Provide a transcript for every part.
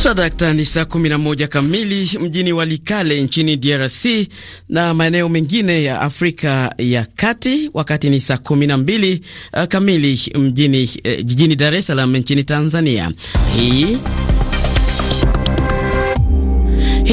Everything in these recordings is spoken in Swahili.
Sadakta ni saa 11 kamili mjini Walikale nchini DRC na maeneo mengine ya Afrika ya Kati, wakati ni saa 12 mbili eh, kamili mjini, eh, jijini Dar es Salaam nchini Tanzania. Hii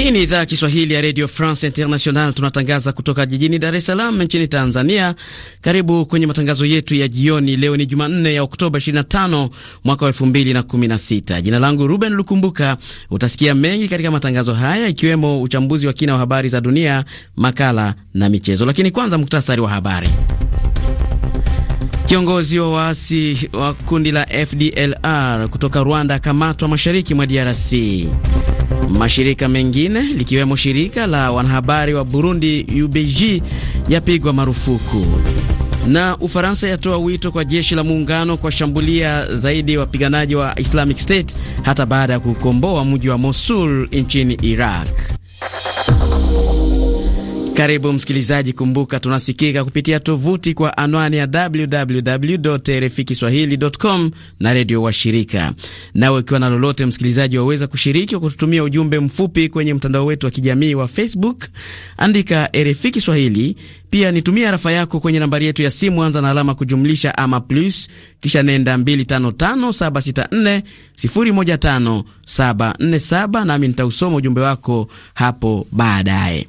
hii ni idhaa ya Kiswahili ya Radio France International. Tunatangaza kutoka jijini Dar es Salaam nchini Tanzania. Karibu kwenye matangazo yetu ya jioni. Leo ni Jumanne ya Oktoba 25 mwaka wa 2016. Jina langu Ruben Lukumbuka. Utasikia mengi katika matangazo haya, ikiwemo uchambuzi wa kina wa habari za dunia, makala na michezo, lakini kwanza muktasari wa habari. Kiongozi wa waasi wa kundi la FDLR kutoka Rwanda akamatwa mashariki mwa DRC. Mashirika mengine likiwemo shirika la wanahabari wa Burundi UBG yapigwa marufuku. Na Ufaransa yatoa wito kwa jeshi la muungano kuwashambulia zaidi wapiganaji wa Islamic State hata baada ya kukomboa mji wa Mosul nchini Iraq. Karibu msikilizaji, kumbuka tunasikika kupitia tovuti kwa anwani ya www.rfi kiswahili.com na redio washirika. Nawe ukiwa na lolote, msikilizaji, waweza kushiriki kwa kututumia ujumbe mfupi kwenye mtandao wetu wa kijamii wa Facebook, andika RFI Kiswahili. Pia nitumie rafa yako kwenye nambari yetu ya simu, anza na alama kujumlisha ama plus, kisha nenda 255764015747 nami nitausoma ujumbe wako hapo baadaye.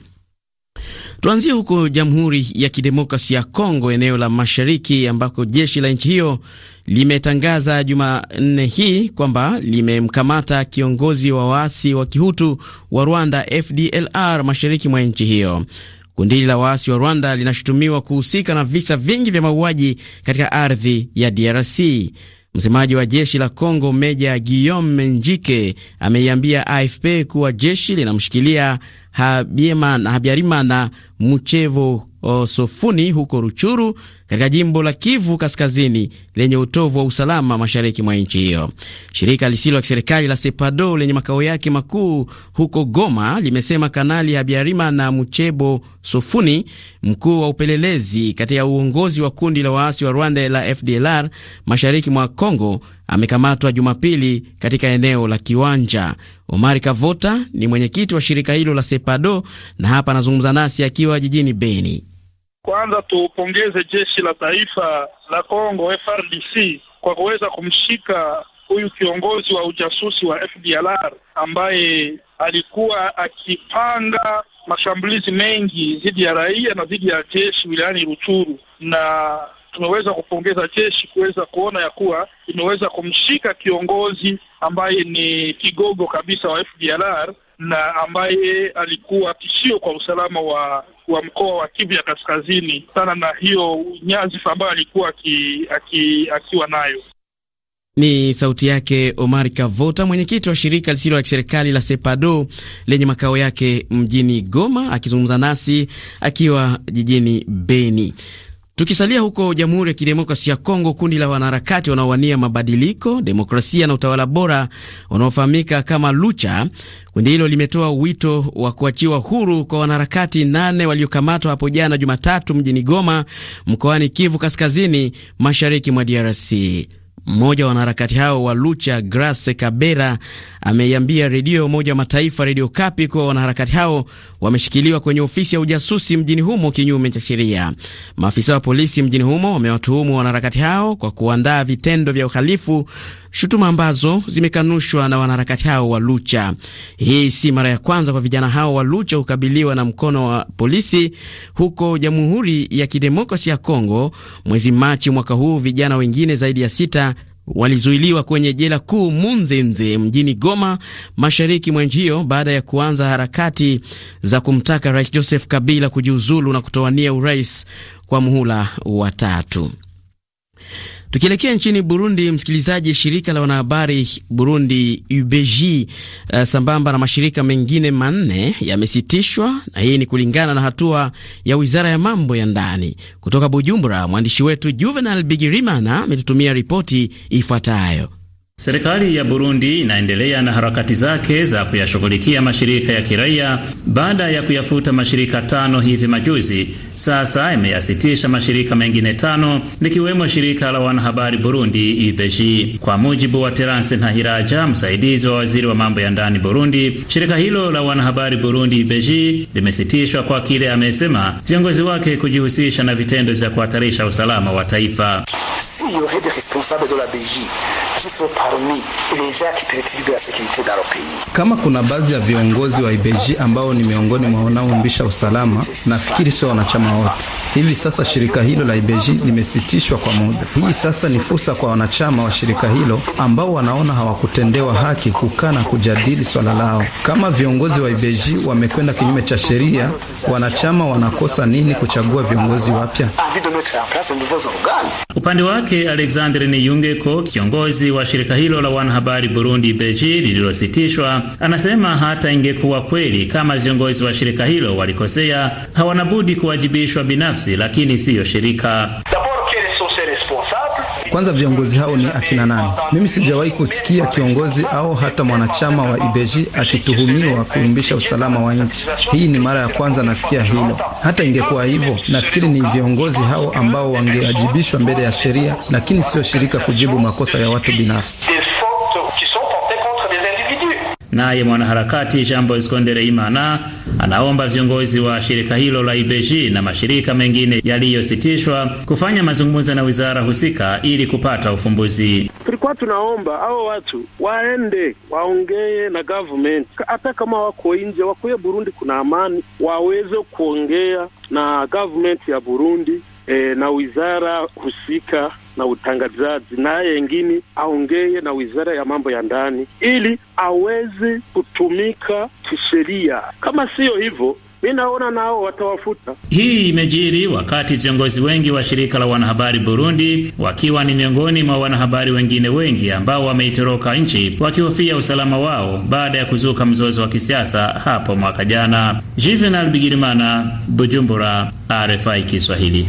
Tuanzie huko Jamhuri ya Kidemokrasi ya Kongo, eneo la mashariki, ambako jeshi la nchi hiyo limetangaza Jumanne hii kwamba limemkamata kiongozi wa waasi wa kihutu wa Rwanda, FDLR, mashariki mwa nchi hiyo. Kundi la waasi wa Rwanda linashutumiwa kuhusika na visa vingi vya mauaji katika ardhi ya DRC. Msemaji wa jeshi la congo Meja Guillaume Njike ameiambia AFP kuwa jeshi linamshikilia Habyarimana Muchevo Osofuni huko Ruchuru katika jimbo la Kivu Kaskazini lenye utovu wa usalama mashariki mwa nchi hiyo. Shirika lisilo la kiserikali la Sepado lenye makao yake makuu huko Goma limesema Kanali Habiarima na Muchebo Sofuni, mkuu wa upelelezi katika uongozi wa kundi la waasi wa Rwanda la FDLR mashariki mwa congo amekamatwa Jumapili katika eneo la Kiwanja. Omar Kavota ni mwenyekiti wa shirika hilo la Sepado na hapa anazungumza nasi akiwa jijini Beni. Kwanza tupongeze jeshi la taifa la congo FRDC kwa kuweza kumshika huyu kiongozi wa ujasusi wa FDLR ambaye alikuwa akipanga mashambulizi mengi dhidi ya raia na dhidi ya jeshi wilayani Ruchuru na tumeweza kupongeza jeshi kuweza kuona ya kuwa imeweza kumshika kiongozi ambaye ni kigogo kabisa wa FDLR na ambaye alikuwa tishio kwa usalama wa wa mkoa wa Kivu ya Kaskazini sana na hiyo nyadhifa ambayo alikuwa aki, aki, akiwa nayo. Ni sauti yake Omar Kavota, mwenyekiti wa shirika lisilo la kiserikali la SEPADO lenye makao yake mjini Goma, akizungumza nasi akiwa jijini Beni. Tukisalia huko Jamhuri ya Kidemokrasia ya Kongo, kundi la wanaharakati wanaowania mabadiliko, demokrasia na utawala bora wanaofahamika kama Lucha, kundi hilo limetoa wito wa kuachiwa huru kwa wanaharakati nane waliokamatwa hapo jana Jumatatu mjini Goma, mkoani Kivu Kaskazini, mashariki mwa DRC. Mmoja wa wanaharakati hao wa Lucha, Grace Kabera, ameiambia redio ya Umoja wa Mataifa Redio Kapi kuwa wanaharakati hao wameshikiliwa kwenye ofisi ya ujasusi mjini humo kinyume cha sheria. Maafisa wa polisi mjini humo wamewatuhumu wanaharakati hao kwa kuandaa vitendo vya uhalifu shutuma ambazo zimekanushwa na wanaharakati hao wa Lucha. Hii si mara ya kwanza kwa vijana hao wa Lucha kukabiliwa na mkono wa polisi huko Jamhuri ya Kidemokrasi ya Kongo. Mwezi Machi mwaka huu, vijana wengine zaidi ya sita walizuiliwa kwenye jela kuu Munzenze mjini Goma, mashariki mwa nchi hiyo baada ya kuanza harakati za kumtaka Rais Joseph Kabila kujiuzulu na kutowania urais kwa muhula wa tatu. Tukielekea nchini Burundi, msikilizaji, shirika la wanahabari Burundi UBJ uh, eh, sambamba na mashirika mengine manne yamesitishwa, na hii ni kulingana na hatua ya wizara ya mambo ya ndani. Kutoka Bujumbura, mwandishi wetu Juvenal Bigirimana ametutumia ripoti ifuatayo. Serikali ya Burundi inaendelea na harakati zake za kuyashughulikia mashirika ya kiraia baada ya kuyafuta mashirika tano hivi majuzi. Sasa imeyasitisha mashirika mengine tano likiwemo shirika la wanahabari Burundi IBEJI. Kwa mujibu wa Terence Ntahiraja, msaidizi wa waziri wa mambo ya ndani Burundi, shirika hilo la wanahabari Burundi IBEJI limesitishwa kwa kile amesema viongozi wake kujihusisha na vitendo vya kuhatarisha usalama wa taifa sont parmi les gens qui perturbent la sécurité dans pays. Kama kuna baadhi ya viongozi wa IBG ambao ni miongoni mwa wanaoumbisha usalama, nafikiri sio wanachama wote. Hivi sasa shirika hilo la IBG limesitishwa kwa muda. Hii sasa ni fursa kwa wanachama wa shirika hilo ambao wanaona hawakutendewa haki kukaa na kujadili swala lao. Kama viongozi wa IBG wamekwenda kinyume cha sheria, wanachama wanakosa nini kuchagua viongozi wapya? Upande wake Alexandre Niyungeko kiongozi mkurugenzi wa shirika hilo la wanahabari Burundi Beji lililositishwa anasema hata ingekuwa kweli kama viongozi wa shirika hilo walikosea, hawanabudi kuwajibishwa binafsi, lakini siyo shirika. Kwanza, viongozi hao ni akina nani? Mimi sijawahi kusikia kiongozi au hata mwanachama wa Ibeji akituhumiwa kuumbisha usalama wa nchi. Hii ni mara ya kwanza nasikia hilo. Hata ingekuwa hivyo, nafikiri ni viongozi hao ambao wangeajibishwa mbele ya sheria, lakini sio shirika kujibu makosa ya watu binafsi. Naye mwanaharakati Jean Bosco Ndereimana anaomba viongozi wa shirika hilo la IBG na mashirika mengine yaliyositishwa kufanya mazungumzo na wizara husika ili kupata ufumbuzi. Tulikuwa tunaomba hao watu waende waongee na government, hata kama wako nje, wakuye Burundi kuna amani, waweze kuongea na government ya Burundi e, na wizara husika na utangazaji naye yengine aongee na wizara ya mambo ya ndani ili aweze kutumika kisheria. Kama siyo hivyo mi naona nao watawafuta. Hii imejiri wakati viongozi wengi wa shirika la wanahabari Burundi wakiwa ni miongoni mwa wanahabari wengine wengi ambao wameitoroka nchi wakihofia usalama wao baada ya kuzuka mzozo wa kisiasa hapo mwaka jana. Juvenal Bigirimana, Bujumbura, RFI Kiswahili.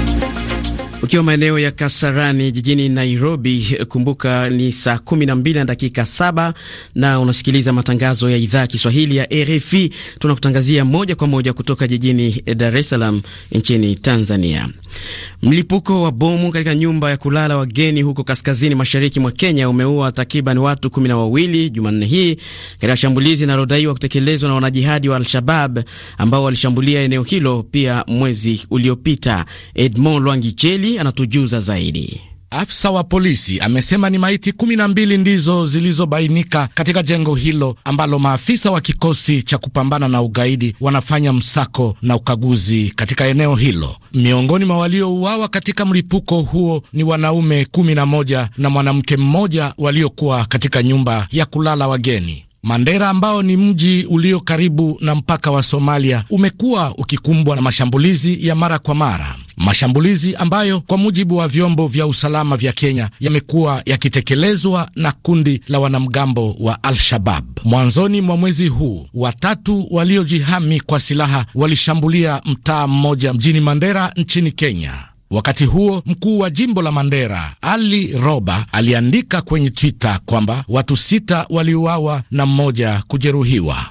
Ukiwa maeneo ya Kasarani jijini Nairobi, kumbuka ni saa kumi na mbili na dakika saba na unasikiliza matangazo ya idhaa ya Kiswahili ya RFI. Tunakutangazia moja kwa moja kutoka jijini Dar es Salaam nchini Tanzania. Mlipuko wa bomu katika nyumba ya kulala wageni huko kaskazini mashariki mwa Kenya umeua takriban watu kumi na wawili Jumanne hii katika shambulizi linalodaiwa kutekelezwa na wanajihadi wa Al-Shabab ambao walishambulia eneo hilo pia mwezi uliopita. Edmond Lwangicheli anatujuza zaidi. Afisa wa polisi amesema ni maiti kumi na mbili ndizo zilizobainika katika jengo hilo ambalo maafisa wa kikosi cha kupambana na ugaidi wanafanya msako na ukaguzi katika eneo hilo. Miongoni mwa waliouawa katika mlipuko huo ni wanaume kumi na moja na mwanamke mmoja waliokuwa katika nyumba ya kulala wageni. Mandera ambao ni mji ulio karibu na mpaka wa Somalia umekuwa ukikumbwa na mashambulizi ya mara kwa mara mashambulizi ambayo kwa mujibu wa vyombo vya usalama vya Kenya yamekuwa yakitekelezwa na kundi la wanamgambo wa Al-Shabab. Mwanzoni mwa mwezi huu, watatu waliojihami kwa silaha walishambulia mtaa mmoja mjini Mandera nchini Kenya. Wakati huo mkuu wa jimbo la Mandera Ali Roba aliandika kwenye Twitter kwamba watu sita waliuawa na mmoja kujeruhiwa.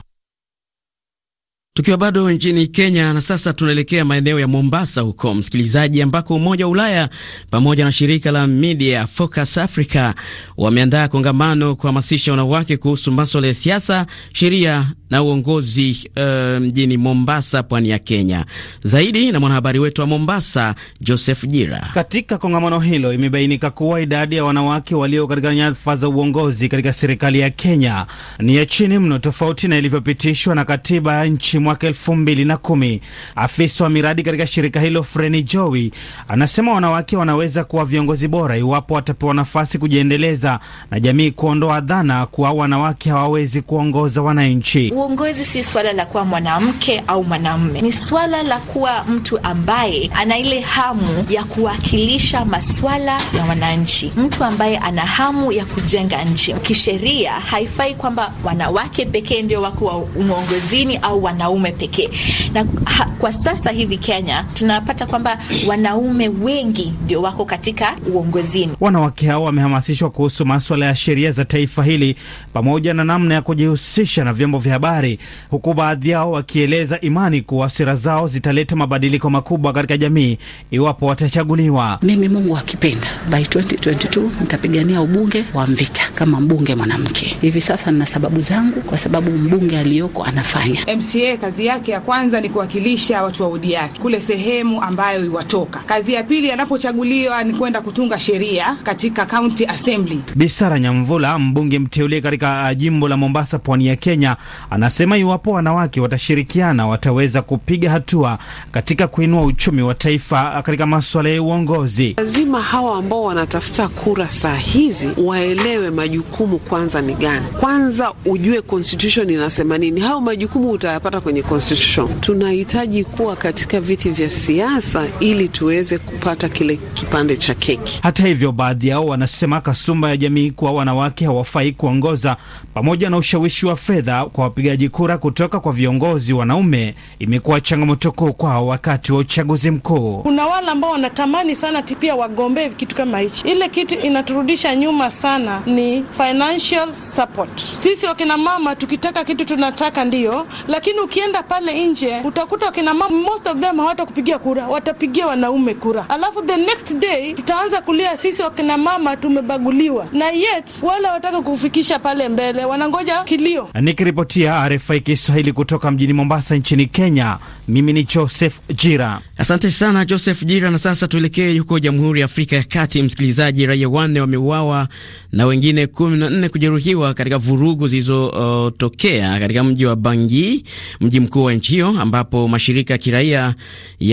Tukiwa bado nchini Kenya na sasa tunaelekea maeneo ya Mombasa huko, msikilizaji, ambako Umoja wa Ulaya pamoja na shirika la Media Focus Africa wameandaa kongamano kuhamasisha wanawake kuhusu maswala ya siasa, sheria na uongozi uh, mjini Mombasa, pwani ya Kenya. Zaidi na mwanahabari wetu wa Mombasa, Joseph Jira. Katika kongamano hilo imebainika kuwa idadi ya wanawake walio katika nyadhifa za uongozi katika serikali ya Kenya ni ya chini mno, tofauti na ilivyopitishwa na katiba ya nchi mwaka elfu mbili na kumi. Afisa wa miradi katika shirika hilo Freni Jowi anasema wanawake wanaweza kuwa viongozi bora iwapo watapewa nafasi kujiendeleza na jamii kuondoa dhana kuwa wanawake hawawezi kuongoza wananchi. Uongozi si swala la kuwa mwanamke au mwanamme ni swala la kuwa mtu ambaye ana ile hamu ya kuwakilisha maswala ya wananchi, mtu ambaye ana hamu ya kujenga nchi. Kisheria haifai kwamba wanawake pekee ndio wako uongozini au wana wanaume pekee, na ha, kwa sasa hivi Kenya tunapata kwamba wanaume wengi ndio wako katika uongozini. Wanawake hao wamehamasishwa kuhusu maswala ya sheria za taifa hili pamoja na namna ya kujihusisha na vyombo vya habari, huku baadhi yao wakieleza imani kuwa sera zao zitaleta mabadiliko makubwa katika jamii iwapo watachaguliwa. Mimi Mungu akipenda, by 2022 nitapigania ubunge wa Mvita kama mbunge mwanamke. Hivi sasa nina sababu zangu, kwa sababu mbunge aliyoko anafanya MCA kazi yake ya kwanza ni kuwakilisha watu wa udi yake kule sehemu ambayo iwatoka. Kazi ya pili anapochaguliwa ni kwenda kutunga sheria katika county assembly. Bisara Nyamvula, mbunge mteule katika uh, jimbo la Mombasa, pwani ya Kenya, anasema iwapo wanawake watashirikiana wataweza kupiga hatua katika kuinua uchumi wa taifa. Uh, katika masuala ya uongozi, lazima hawa ambao wanatafuta kura saa hizi waelewe majukumu kwanza ni gani. Kwanza ujue constitution inasema nini, hayo majukumu utayapata kwenye constitution. Tunahitaji kuwa katika viti vya siasa ili tuweze kupata kile kipande cha keki. Hata hivyo, baadhi yao wanasema kasumba ya jamii kuwa wanawake hawafai kuongoza, pamoja na ushawishi wa fedha kwa wapigaji kura kutoka kwa viongozi wanaume, imekuwa changamoto kuu kwao wakati wa uchaguzi mkuu. Kuna wale ambao wanatamani sana tipia wagombee kitu kama hichi. Ile kitu inaturudisha nyuma sana ni financial support. Sisi wakina mama tukitaka kitu tunataka ndiyo, lakini uki ukienda pale nje utakuta wakina mama most of them hawatakupigia kura, watapigia wanaume kura, alafu the next day tutaanza kulia sisi wakina mama tumebaguliwa, na yet wale wataka kufikisha pale mbele wanangoja kilio. Nikiripotia RFI Kiswahili kutoka mjini Mombasa nchini Kenya. Mimi ni Joseph Jira. Asante sana Joseph Jira, na sasa tuelekee huko Jamhuri ya Afrika ya Kati. Msikilizaji, raia wanne wameuawa na wengine kumi na nne kujeruhiwa katika vurugu zilizotokea uh, katika mji wa Bangi, mji mkuu wa nchi hiyo, ambapo mashirika kiraia ya kiraia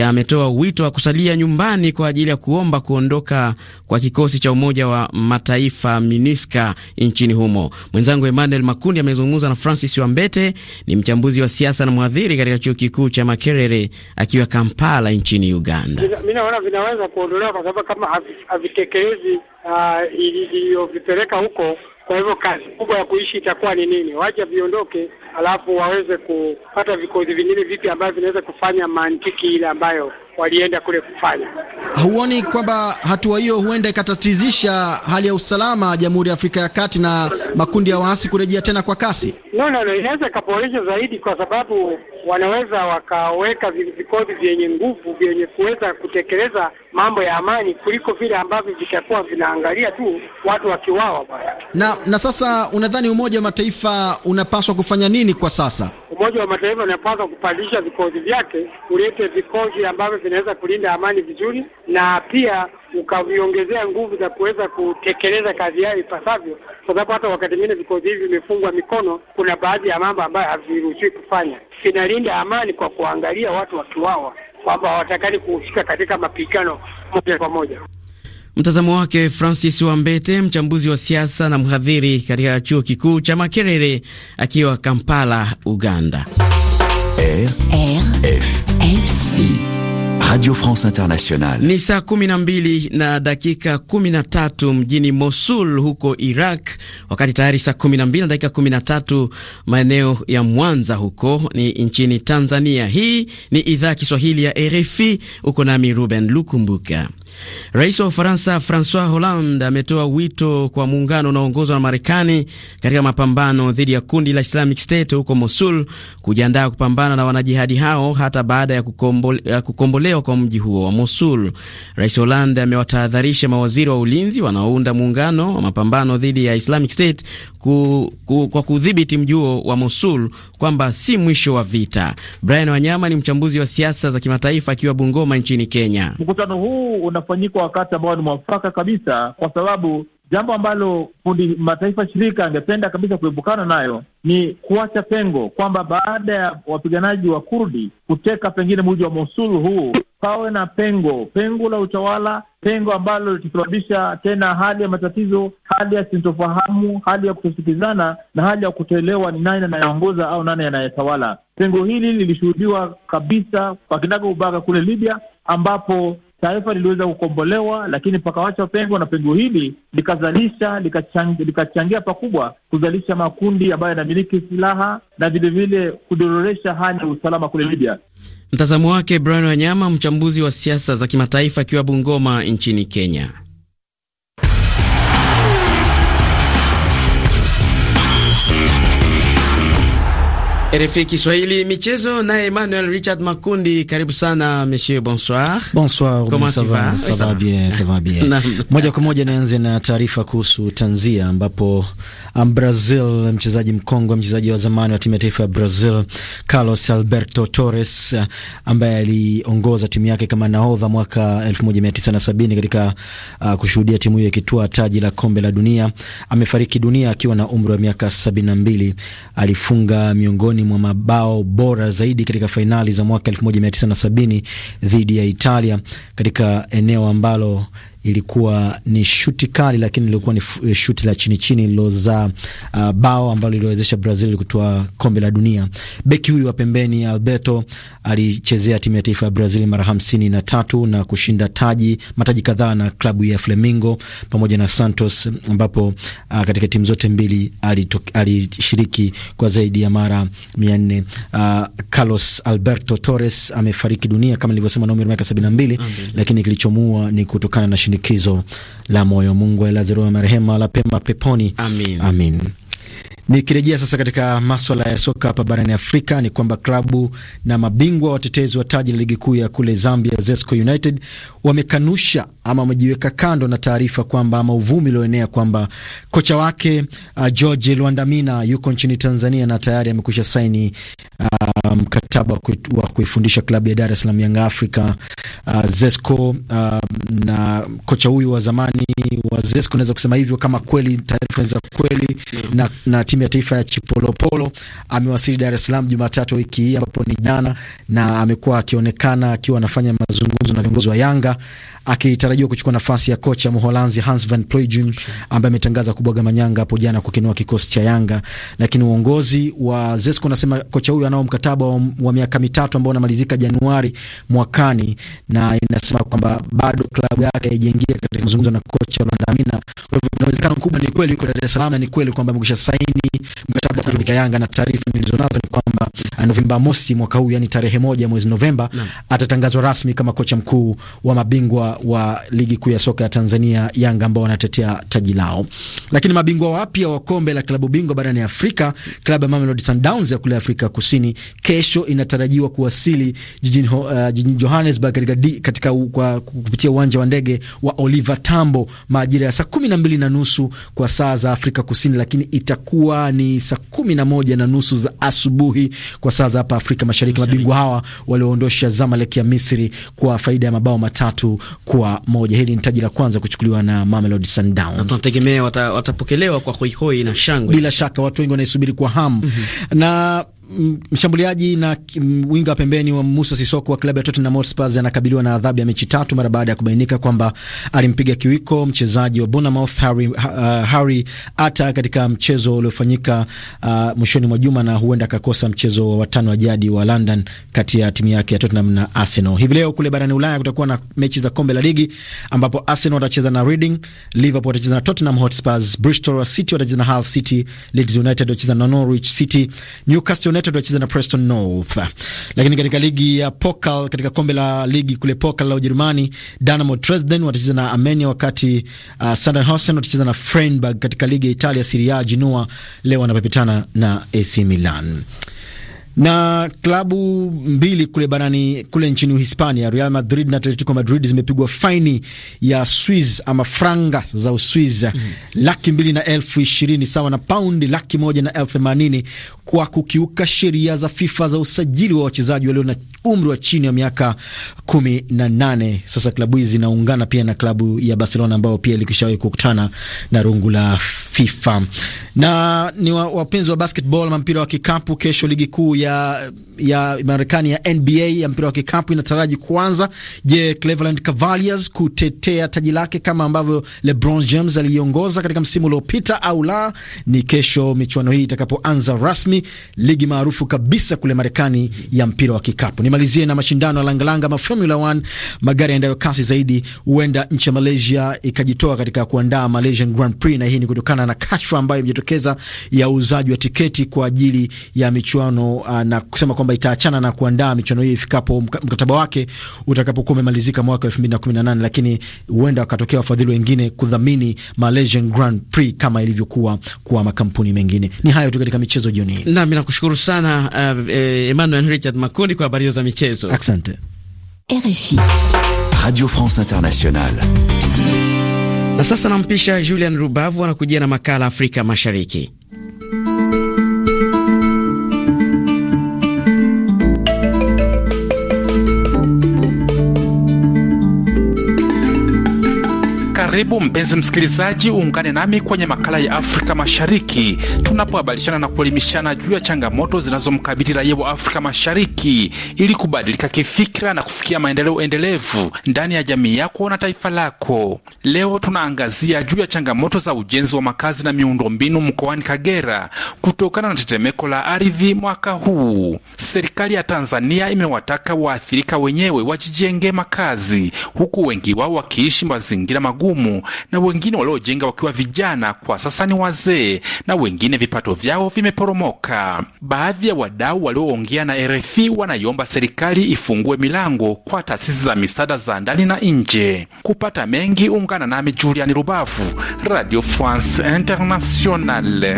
yametoa wito wa kusalia nyumbani kwa ajili ya kuomba kuondoka kwa kikosi cha Umoja wa Mataifa MINUSCA nchini humo. Mwenzangu Emmanuel Makundi amezungumza na Francis Wambete, ni mchambuzi wa siasa na mwadhiri katika chuo kikuu cha Makerere akiwa Kampala nchini Uganda. Mimi naona vinaweza kuondolewa kwa sababu kama havitekelezi iliyovipeleka huko, kwa hivyo kazi kubwa ya kuishi itakuwa ni nini? Waje viondoke alafu waweze kupata vikozi vingine vipi ambavyo vinaweza kufanya mantiki ile ambayo walienda kule kufanya. Huoni kwamba hatua hiyo huenda ikatatizisha hali ya usalama Jamhuri ya Afrika ya Kati na makundi ya waasi kurejea tena kwa kasi? No, no, no, inaweza ikaboresha zaidi, kwa sababu wanaweza wakaweka vikosi vyenye nguvu vyenye kuweza kutekeleza mambo ya amani kuliko vile ambavyo vitakuwa vinaangalia tu watu wakiwawa bwana. Na na sasa, unadhani Umoja wa Mataifa unapaswa kufanya nini nini kwa sasa? Umoja wa Mataifa unapaswa kupandisha vikosi vyake, kulete vikosi ambavyo vinaweza kulinda amani vizuri, na pia ukaviongezea nguvu za kuweza kutekeleza kazi yao ipasavyo, kwa sababu hata wakati mwingine vikosi hivi vimefungwa mikono. Kuna baadhi ya mambo ambayo haviruhusiwi kufanya. Vinalinda amani kwa kuangalia watu wakiwawa, kwamba hawatakani kuhusika katika mapigano moja kwa moja. Mtazamo wake Francis Wambete, mchambuzi wa siasa na mhadhiri katika chuo kikuu cha Makerere akiwa Kampala, Uganda. R F I Radio France Internationale. Ni saa kumi na dakika 13 mjini Mosul huko Iraq, wakati tayari saa 12 na dakika 13 maeneo ya Mwanza huko ni nchini Tanzania. Hii ni idhaa Kiswahili ya RFI, uko nami Ruben Lukumbuka. Rais wa Ufaransa Francois Hollande ametoa wito kwa muungano unaoongozwa na Marekani katika mapambano dhidi ya kundi la Islamic State huko Mosul kujiandaa kupambana na wanajihadi hao hata baada ya, kukombole, ya kukombolewa kwa mji huo wa Mosul. Rais Hollande amewatahadharisha mawaziri wa ulinzi wanaounda muungano wa mapambano dhidi ya Islamic State ku, ku, kwa kudhibiti mji huo wa Mosul kwamba si mwisho wa vita. Brian Wanyama ni mchambuzi wa siasa za kimataifa akiwa Bungoma nchini Kenya. Mkutano huu una unafanyika wakati ambao ni mwafaka kabisa, kwa sababu jambo ambalo kundi mataifa shirika angependa kabisa kuepukana nayo ni kuacha pengo kwamba baada ya wapiganaji wa Kurdi kuteka pengine mji wa Mosul huu pawe na pengo, pengo la utawala, pengo ambalo litasababisha tena hali ya matatizo, hali ya sintofahamu, hali ya kutosikizana na hali ya kutoelewa ni nani anayeongoza au nani anayetawala. Pengo hili lilishuhudiwa kabisa kwa kinaga ubaga kule Libya ambapo taifa liliweza kukombolewa, lakini pakawacha pengo, na pengo hili likazalisha likachangia, likachangia pakubwa kuzalisha makundi ambayo yanamiliki silaha na vilevile kudororesha hali ya usalama kule Libya. Mtazamo wake Brian Wanyama, mchambuzi wa siasa za kimataifa, akiwa Bungoma nchini Kenya. RFI Kiswahili Michezo, naye Emmanuel Richard Makundi, karibu sana monsieur, bonsoir. Bonsoir, comment ça va? Ça va bien, ça va bien. Moja kwa moja nianze na taarifa kuhusu tanzia ambapo Brazil, mchezaji mkongwe, mchezaji wa zamani wa timu ya taifa ya Brazil Carlos Alberto Torres, eh, ambaye aliongoza timu yake kama nahodha mwaka 1970 katika uh, kushuhudia timu hiyo ikitwaa taji la kombe la dunia, amefariki dunia akiwa na umri wa miaka 72. Alifunga miongoni mwa mabao bora zaidi katika fainali za mwaka 1970 dhidi ya Italia katika eneo ambalo ilikuwa ni shuti kali, lakini ilikuwa ni shuti la chini chini lilozaa uh, bao ambalo liliwezesha Brazil kutoa kombe la dunia. Beki huyu wa pembeni Alberto alichezea timu ya taifa ya Brazil mara hamsini na tatu na kushinda taji mataji kadhaa na klabu ya Flamengo pamoja na Santos, ambapo uh, katika timu zote mbili alishiriki ali kwa zaidi ya mara mia nne. Uh, Carlos Alberto Torres amefariki dunia kama nilivyosema na umri wa miaka sabini na mbili, lakini kilichomua ni kutokana na shinikizo shinikizo la moyo. Mungu ailaze marehemu alapema pema peponi. Amin, amin. Nikirejea sasa katika maswala ya soka hapa barani Afrika ni kwamba klabu na mabingwa watetezi wa taji la ligi kuu ya kule Zambia, Zesco United wamekanusha ama wamejiweka kando na taarifa kwamba ama uvumi ulioenea kwamba kocha wake uh, George Lwandamina yuko nchini Tanzania na tayari amekwisha saini uh, mkataba wa kuifundisha klabu ya Dar es Salaam Africa. Uh, Zesco uh, na kocha huyu wa zamani ni Wazesco, naweza kusema hivyo kama kweli taarifa za kweli mm. na, na timu ya taifa ya Chipolopolo amewasili Dar es Salaam Jumatatu wiki hii ambapo ni jana, na amekuwa akionekana akiwa anafanya mazungumzo na viongozi wa Yanga akitarajiwa kuchukua nafasi ya kocha Mholanzi Hans van Pluijgem ambaye ametangaza kubwaga manyanga hapo jana kukinua kikosi cha Yanga, lakini uongozi wa Zesco unasema kocha huyu anao mkataba wa, wa miaka mitatu ambao unamalizika Januari mwakani, na inasema kwamba bado klabu yake haijaingia katika mazungumzo na kocha Lwanda Amina. Kwa hivyo kuna uwezekano mkubwa ni kweli yuko Dar es Salaam, na ni kweli kwamba amekwisha saini mkataba wa Yanga, na taarifa nilizonazo ni kwamba Novemba mosi mwaka huu, yani tarehe moja mwezi Novemba, atatangazwa rasmi kama kocha mkuu wa mabingwa wa ligi kuu ya soka ya Tanzania, Yanga ambao wanatetea taji lao. Lakini mabingwa wapya wa kombe la klabu bingwa barani Afrika, klabu ya Mamelodi Sundowns ya kule Afrika Kusini kesho inatarajiwa kuwasili jijini, uh, jijini Johannesburg katika, katika kwa kupitia uwanja wa ndege wa Oliver Tambo majira ya saa kumi na mbili na nusu kwa saa za Afrika Kusini, lakini itakuwa ni saa kumi na moja na nusu za asubuhi kwa saa za hapa Afrika Mashariki. Mabingwa hawa walioondosha Zamalek ya Misri kwa faida ya mabao matatu kwa moja. Hili ni taji la kwanza kuchukuliwa na Mamelodi Sundowns. Tunategemea watapokelewa kwa hoihoi na shangwe, bila shaka watu wengi wanaisubiri kwa hamu mm -hmm. na mshambuliaji na winga wa pembeni wa Musa Sisoko wa klabu ya Tottenham Hotspur anakabiliwa na adhabu ya mechi tatu mara baada ya kubainika kwamba alimpiga kiwiko mchezaji wa Bournemouth Harry, uh, Harry Ata katika mchezo uliofanyika uh, mwishoni mwa juma na huenda akakosa mchezo wa watano wa jadi wa London kati ya timu yake ya Tottenham na Arsenal. Hivi leo kule barani Ulaya kutakuwa na mechi za kombe la ligi ambapo Arsenal watacheza na Reading, Liverpool watacheza na Tottenham Hotspur, Bristol City watacheza na Hull City, Leeds United watacheza na Norwich City, Newcastle United wacheza na Preston North. Lakini katika ligi ya Pokal, katika kombe la ligi kule Pokal la Ujerumani, Dynamo Dresden watacheza na Armenia, wakati uh, Sandhausen watacheza na Freiburg. Katika ligi ya Italia Serie A, Genoa leo wanapepetana na AC Milan na klabu mbili kule barani kule nchini Uhispania, Real Madrid na Atletico Madrid zimepigwa faini ya Swiss ama franga za Uswiz mm -hmm. laki mbili na elfu ishirini sawa na paundi laki moja na elfu themanini kwa kukiuka sheria za FIFA za usajili wa wachezaji walio na umri wa chini ya miaka kumi na nane. Sasa klabu hizi zinaungana pia na klabu ya Barcelona ambayo pia ilikishawahi kukutana na rungu la FIFA. Na ni wapenzi wa basketball na mpira wa kikapu, kesho ligi kuu ya, ya Marekani ya NBA ya mpira wa kikapu inataraji kuanza. Je, Cleveland Cavaliers kutetea taji lake kama ambavyo LeBron James aliongoza katika msimu uliopita au la? Ni kesho michuano hii itakapoanza rasmi. Marekani, ligi maarufu kabisa kule Marekani ya mpira wa kikapu. Nimalizie na mashindano ya langalanga ma Formula 1, magari yaendayo kasi zaidi. Huenda nchi ya Malaysia ikajitoa katika kuandaa Malaysian Grand Prix, na hii ni kutokana na kashfa ambayo imejitokeza ya uuzaji wa tiketi kwa ajili ya michuano ah, na kusema kwamba itaachana na kuandaa michuano hiyo ifikapo mkataba wake utakapokuwa umemalizika mwaka 2018, lakini huenda wakatokea wafadhili wengine kudhamini Malaysian Grand Prix kama ilivyokuwa kwa makampuni mengine. Ni hayo tu katika michezo jioni hii. Nami nakushukuru sana uh, eh, Emmanuel Richard Makundi kwa habari za michezo. Asante. RFI. Radio France Internationale. Na sasa nampisha Julian Rubavu anakujia na makala Afrika Mashariki. Karibu mpenzi msikilizaji, uungane nami kwenye makala ya Afrika Mashariki tunapohabarishana na kuelimishana juu ya changamoto zinazomkabili raia wa Afrika Mashariki ili kubadilika kifikira na kufikia maendeleo endelevu ndani ya jamii yako na taifa lako. Leo tunaangazia juu ya changamoto za ujenzi wa makazi na miundombinu mkoani Kagera kutokana na tetemeko la ardhi mwaka huu. Serikali ya Tanzania imewataka waathirika wenyewe wajijenge makazi, huku wengi wao wakiishi mazingira magumu humu, na wengine waliojenga wakiwa vijana, kwa sasa ni wazee, na wengine vipato vyao vimeporomoka. Baadhi ya wadau walioongea na RFI wanaiomba serikali ifungue milango kwa taasisi za misaada za ndani na nje. Kupata mengi, ungana nami Juliani Rubavu, Radio France Internationale.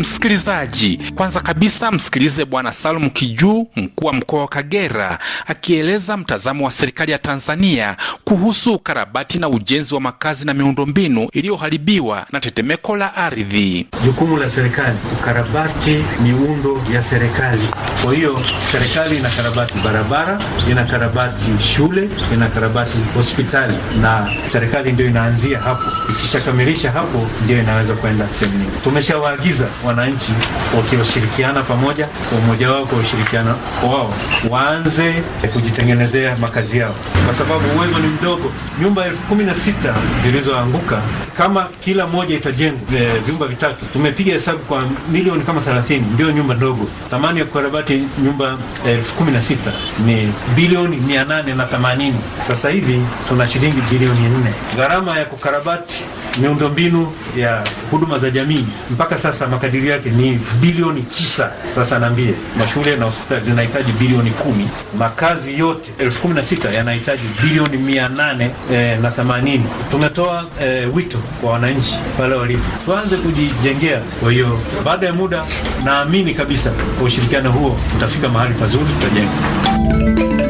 Msikilizaji, kwanza kabisa msikilize Bwana Salum Kijuu, mkuu wa mkoa wa Kagera, akieleza mtazamo wa serikali ya Tanzania kuhusu ukarabati na ujenzi wa makazi na miundombinu iliyoharibiwa na tetemeko la ardhi. Jukumu la serikali kukarabati miundo ya serikali. Kwa hiyo serikali inakarabati barabara, inakarabati shule, inakarabati hospitali, na serikali ndio inaanzia hapo. Ikishakamilisha hapo, ndio inaweza kwenda sehemu nyingine. Tumeshawaagiza wananchi wakiwashirikiana pamoja, umoja wao kwa ushirikiano wao waanze kujitengenezea makazi yao, kwa sababu uwezo ni mdogo. Nyumba elfu kumi na sita zilizoanguka, kama kila moja itajengwa e, vyumba vitatu, tumepiga hesabu kwa milioni kama thelathini, ndio nyumba ndogo. Thamani ya kukarabati nyumba elfu kumi na sita ni bilioni 880. Sasa hivi tuna shilingi bilioni 4. Gharama ya kukarabati miundombinu ya huduma za jamii mpaka sasa makadiri makadirio yake ni bilioni tisa. Sasa naambie mashule na hospitali zinahitaji bilioni kumi, makazi yote elfu kumi na sita yanahitaji bilioni mia nane e, na themanini. Tumetoa e, wito kwa wananchi pale walipo, tuanze kujijengea. Kwa hiyo baada ya muda, naamini kabisa kwa ushirikiano huo utafika mahali pazuri, tutajenga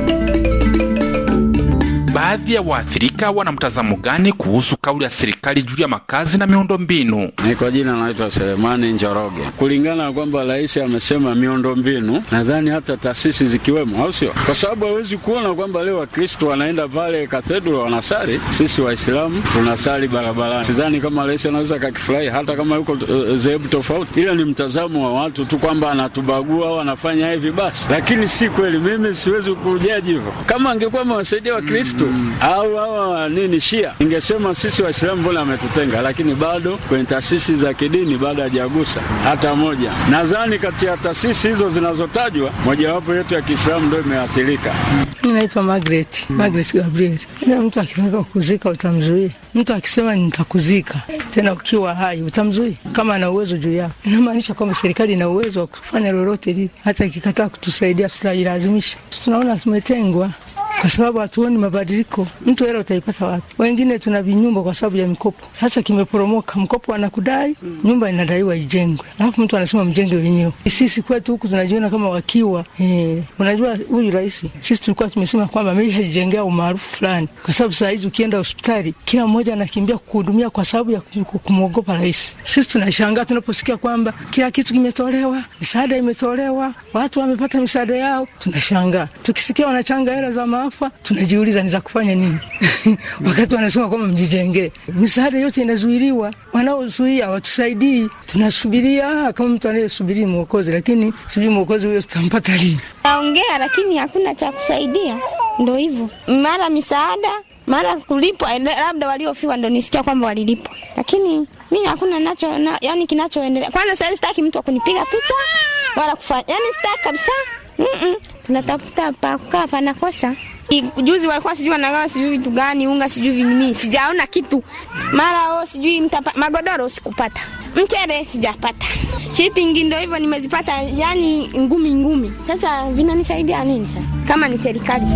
baadhi ya waathirika wana mtazamo gani kuhusu kauli ya serikali juu ya makazi na miundombinu? Ni kwa jina naitwa Selemani Njoroge. Kulingana na kwamba rais amesema miundombinu, nadhani hata taasisi zikiwemo, au sio? Kwa sababu hawezi kuona kwamba leo Wakristo wanaenda pale kathedral wanasali, sisi Waislamu tunasali barabarani. Sidhani kama rais anaweza kakifurahi, hata kama yuko uh, zehebu tofauti, ila ni mtazamo wa watu tu kwamba anatubagua au anafanya hivi basi, lakini si kweli. Mimi siwezi kujaji hivyo. Kama angekuwa amewasaidia Wakristo au hawa nini Shia. Ningesema sisi Waislamu mbona ametutenga, lakini bado kwenye taasisi za kidini bado hajagusa hata moja. Nadhani kati ya taasisi hizo zinazotajwa mojawapo yetu ya Kiislamu ndio imeathirika. Ninaitwa Margaret, Margaret Gabriel. mtu akifika kuzika utamzuia? Mtu akisema nitakuzika tena ukiwa hai utamzuia? Kama ana uwezo juu yako, inamaanisha kwamba serikali ina uwezo wa kufanya lolote lile, hata ikikataa kutusaidia tutailazimisha. Tunaona tumetengwa kwa sababu hatuoni mabadiliko. Mtu hela utaipata wapi? Wengine tuna vinyumba kwa sababu ya mikopo, sasa kimeporomoka, mkopo anakudai nyumba inadaiwa ijengwe, alafu mtu anasema mjenge wenyewe. Sisi kwetu huku tunajiona kama wakiwa eh. Unajua huyu rais, sisi tulikuwa tumesema kwamba mimi hajijengea umaarufu fulani, kwa sababu saa hizi ukienda hospitali kila mmoja anakimbia kuhudumia kwa sababu ya kumwogopa rais. Sisi tunashangaa tunaposikia kwamba kila kitu kimetolewa, misaada imetolewa, watu wamepata misaada yao, tunashangaa tukisikia wanachanga hela za maafu wanafa, tunajiuliza ni za kufanya nini? wakati wanasema kwamba mjijengee, misaada yote inazuiliwa, wanaozuia watusaidii, Tunasubiria ah, kama mtu anayesubiri Mwokozi, lakini sijui mwokozi huyo tutampata lini? Naongea lakini hakuna cha kusaidia, ndo hivyo, mara misaada mara kulipwa, labda waliofiwa ndo nisikia kwamba walilipwa, lakini mi hakuna nacho na, yani kinachoendelea. Kwanza sasa sitaki mtu akunipiga picha wala kufanya, yani sitaki kabisa. Mm -mm. Tunatafuta pa kukaa panakosa Juzi walikuwa sijui wanagawa sijui vitu gani, unga sijui vinini, sijaona kitu. Mara o sijui mtapa, magodoro sikupata, mchere sijapata, shitingi ndio hivyo nimezipata, yani ngumi ngumi. Sasa vinanisaidia nini sasa kama ni serikali?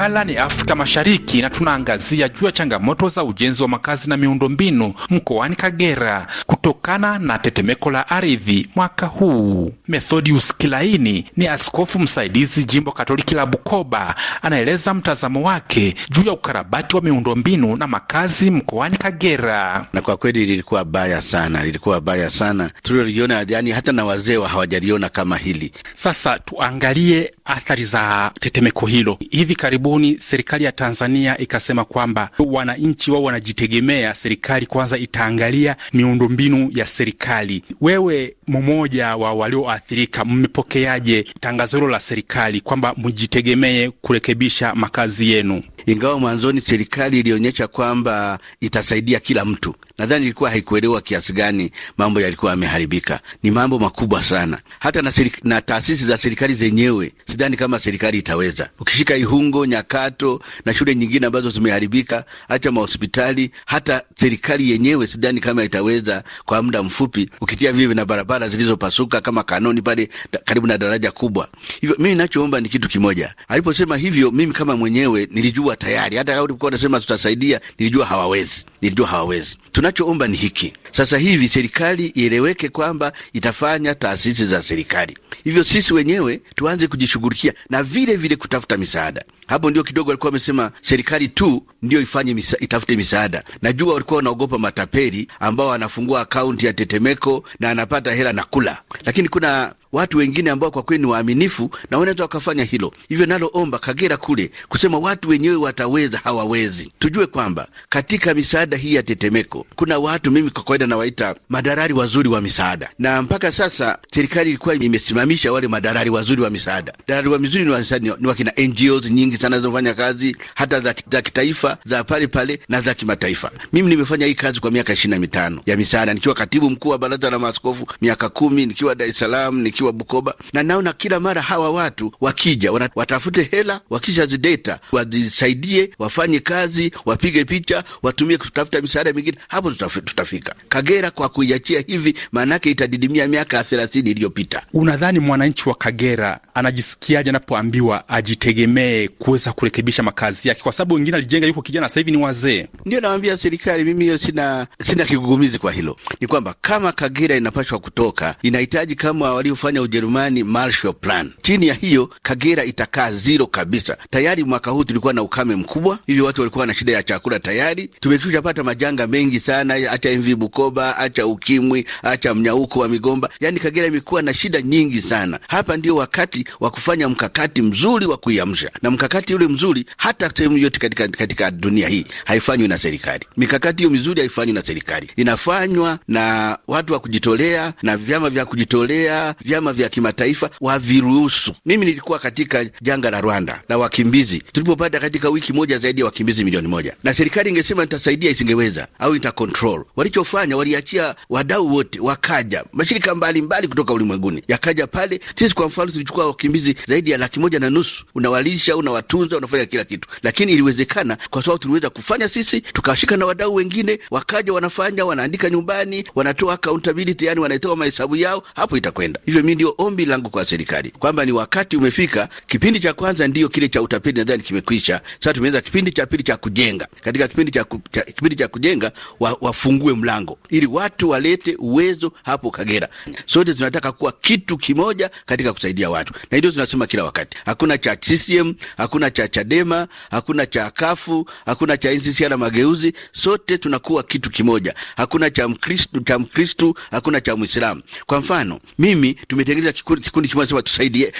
Makala ni Afrika Mashariki na tunaangazia juu ya changamoto za ujenzi wa makazi na miundombinu mkoani Kagera kutokana na tetemeko la ardhi mwaka huu. Methodius Kilaini ni askofu msaidizi jimbo Katoliki la Bukoba, anaeleza mtazamo wake juu ya ukarabati wa miundombinu na makazi mkoani Kagera. Na kwa kweli lilikuwa baya sana, lilikuwa baya sana tuliloliona, yani hata na wazee hawajaliona kama hili. Sasa tuangalie athari za tetemeko hilo hivi karibu karibuni serikali ya Tanzania ikasema kwamba wananchi wao wanajitegemea, serikali kwanza itaangalia miundombinu ya serikali. Wewe mmoja wa walioathirika, mmepokeaje tangazo hilo la serikali kwamba mjitegemee kurekebisha makazi yenu? Ingawa mwanzoni serikali ilionyesha kwamba itasaidia kila mtu, Nadhani ilikuwa haikuelewa kiasi gani mambo yalikuwa yameharibika. Ni mambo makubwa sana, hata na, na taasisi za serikali zenyewe sidhani kama serikali itaweza. Ukishika Ihungo, Nyakato na shule nyingine ambazo zimeharibika, acha mahospitali, hata serikali yenyewe sidhani kama itaweza kwa muda mfupi, ukitia vivi na barabara zilizopasuka kama Kanoni pale karibu na daraja kubwa. Hivyo mimi nachoomba ni kitu kimoja. Aliposema hivyo, mimi kama mwenyewe nilijua tayari, hata ulipokuwa unasema tutasaidia, nilijua hawawezi ndio hawawezi. Tunachoomba ni hiki sasa hivi, serikali ieleweke kwamba itafanya taasisi za serikali, hivyo sisi wenyewe tuanze kujishughulikia na vile vile kutafuta misaada. Hapo ndio kidogo walikuwa wamesema serikali tu ndio ifanye misa, itafute misaada. Najua walikuwa wanaogopa matapeli ambao anafungua akaunti ya Tetemeko na anapata hela na kula, lakini kuna watu wengine ambao kwa kweli ni waaminifu na wanaweza wakafanya hilo. Hivyo naloomba Kagera kule kusema watu wenyewe wataweza, hawawezi. Tujue kwamba katika misaada hii ya tetemeko kuna watu, mimi kwa kawaida nawaita madarari wazuri wa misaada, na mpaka sasa serikali ilikuwa imesimamisha wale madarari wazuri wa misaada. Darari wa mizuri ni ni wakina NGOs nyingi sana zinazofanya kazi hata za, za kitaifa za pale pale na za kimataifa. Mimi nimefanya hii kazi kwa miaka ishirini na mitano ya misaada, nikiwa katibu mkuu wa baraza la maaskofu miaka kumi, nikiwa Dar es Salaam, nikiwa Bukoba, na naona kila mara hawa watu wakija wana, watafute hela, wakisha zideta wazisaidie, wafanye kazi, wapige picha, watumie kutafuta misaada mingine, hapo tutafika. Kagera kwa kuiachia hivi, maanake itadidimia miaka thelathini iliyopita. Unadhani mwananchi wa Kagera anajisikiaje anapoambiwa ajitegemee ku kuweza kurekebisha makazi yake, kwa sababu wengine alijenga yuko kijana, sasa hivi ni wazee. Ndio nawaambia serikali, mimi hiyo sina sina kigugumizi kwa hilo. Ni kwamba kama Kagera inapashwa kutoka, inahitaji kama waliofanya Ujerumani Marshall Plan. Chini ya hiyo Kagera itakaa zero kabisa. Tayari mwaka huu tulikuwa na ukame mkubwa, hivyo watu walikuwa na shida ya chakula tayari. Tumekwisha pata majanga mengi sana, acha MV Bukoba, acha ukimwi, acha mnyauko wa migomba, Yani Kagera imekuwa na shida nyingi sana. Hapa ndio wakati wa kufanya mkakati mzuri wa kuiamsha na mkakati mikakati yule mzuri, hata sehemu yote katika, katika dunia hii haifanywi na serikali. Mikakati hiyo mizuri haifanywi na serikali, inafanywa na watu wa kujitolea na vyama vya kujitolea, vyama vya kimataifa waviruhusu. Mimi nilikuwa katika janga la Rwanda la wakimbizi, tulipopata katika wiki moja zaidi ya wakimbizi milioni moja, na serikali ingesema nitasaidia, isingeweza au ita control. Walichofanya waliachia wadau wote, wakaja mashirika mbalimbali mbali kutoka ulimwenguni yakaja pale. Sisi kwa mfano tulichukua wakimbizi zaidi ya laki moja na nusu, unawalisha una unawatunza, unafanya kila kitu, lakini iliwezekana kwa sababu tuliweza kufanya sisi, tukawashika na wadau wengine, wakaja wanafanya, wanaandika nyumbani, wanatoa accountability, yani wanaitoa mahesabu yao, hapo itakwenda hivyo. Mimi ndio ombi langu kwa serikali kwamba ni wakati umefika. Kipindi cha kwanza ndio kile cha utapeli, nadhani kimekwisha. Sasa tumeanza kipindi cha pili cha kujenga. Katika kipindi cha, ku, cha, kipindi cha kujenga wa, wafungue mlango ili watu walete uwezo hapo Kagera. Sote tunataka kuwa kitu kimoja katika kusaidia watu, na ndio tunasema kila wakati, hakuna cha CCM, hakuna hakuna cha Chadema, hakuna cha Kafu, hakuna cha NCCR Mageuzi, sote tunakuwa kitu kimoja. Hakuna cha Mkristu, cha Mkristu, hakuna cha Mwislamu. Kwa mfano mimi, tumetengeneza kikundi, kikundi kimoja sema tusaidie,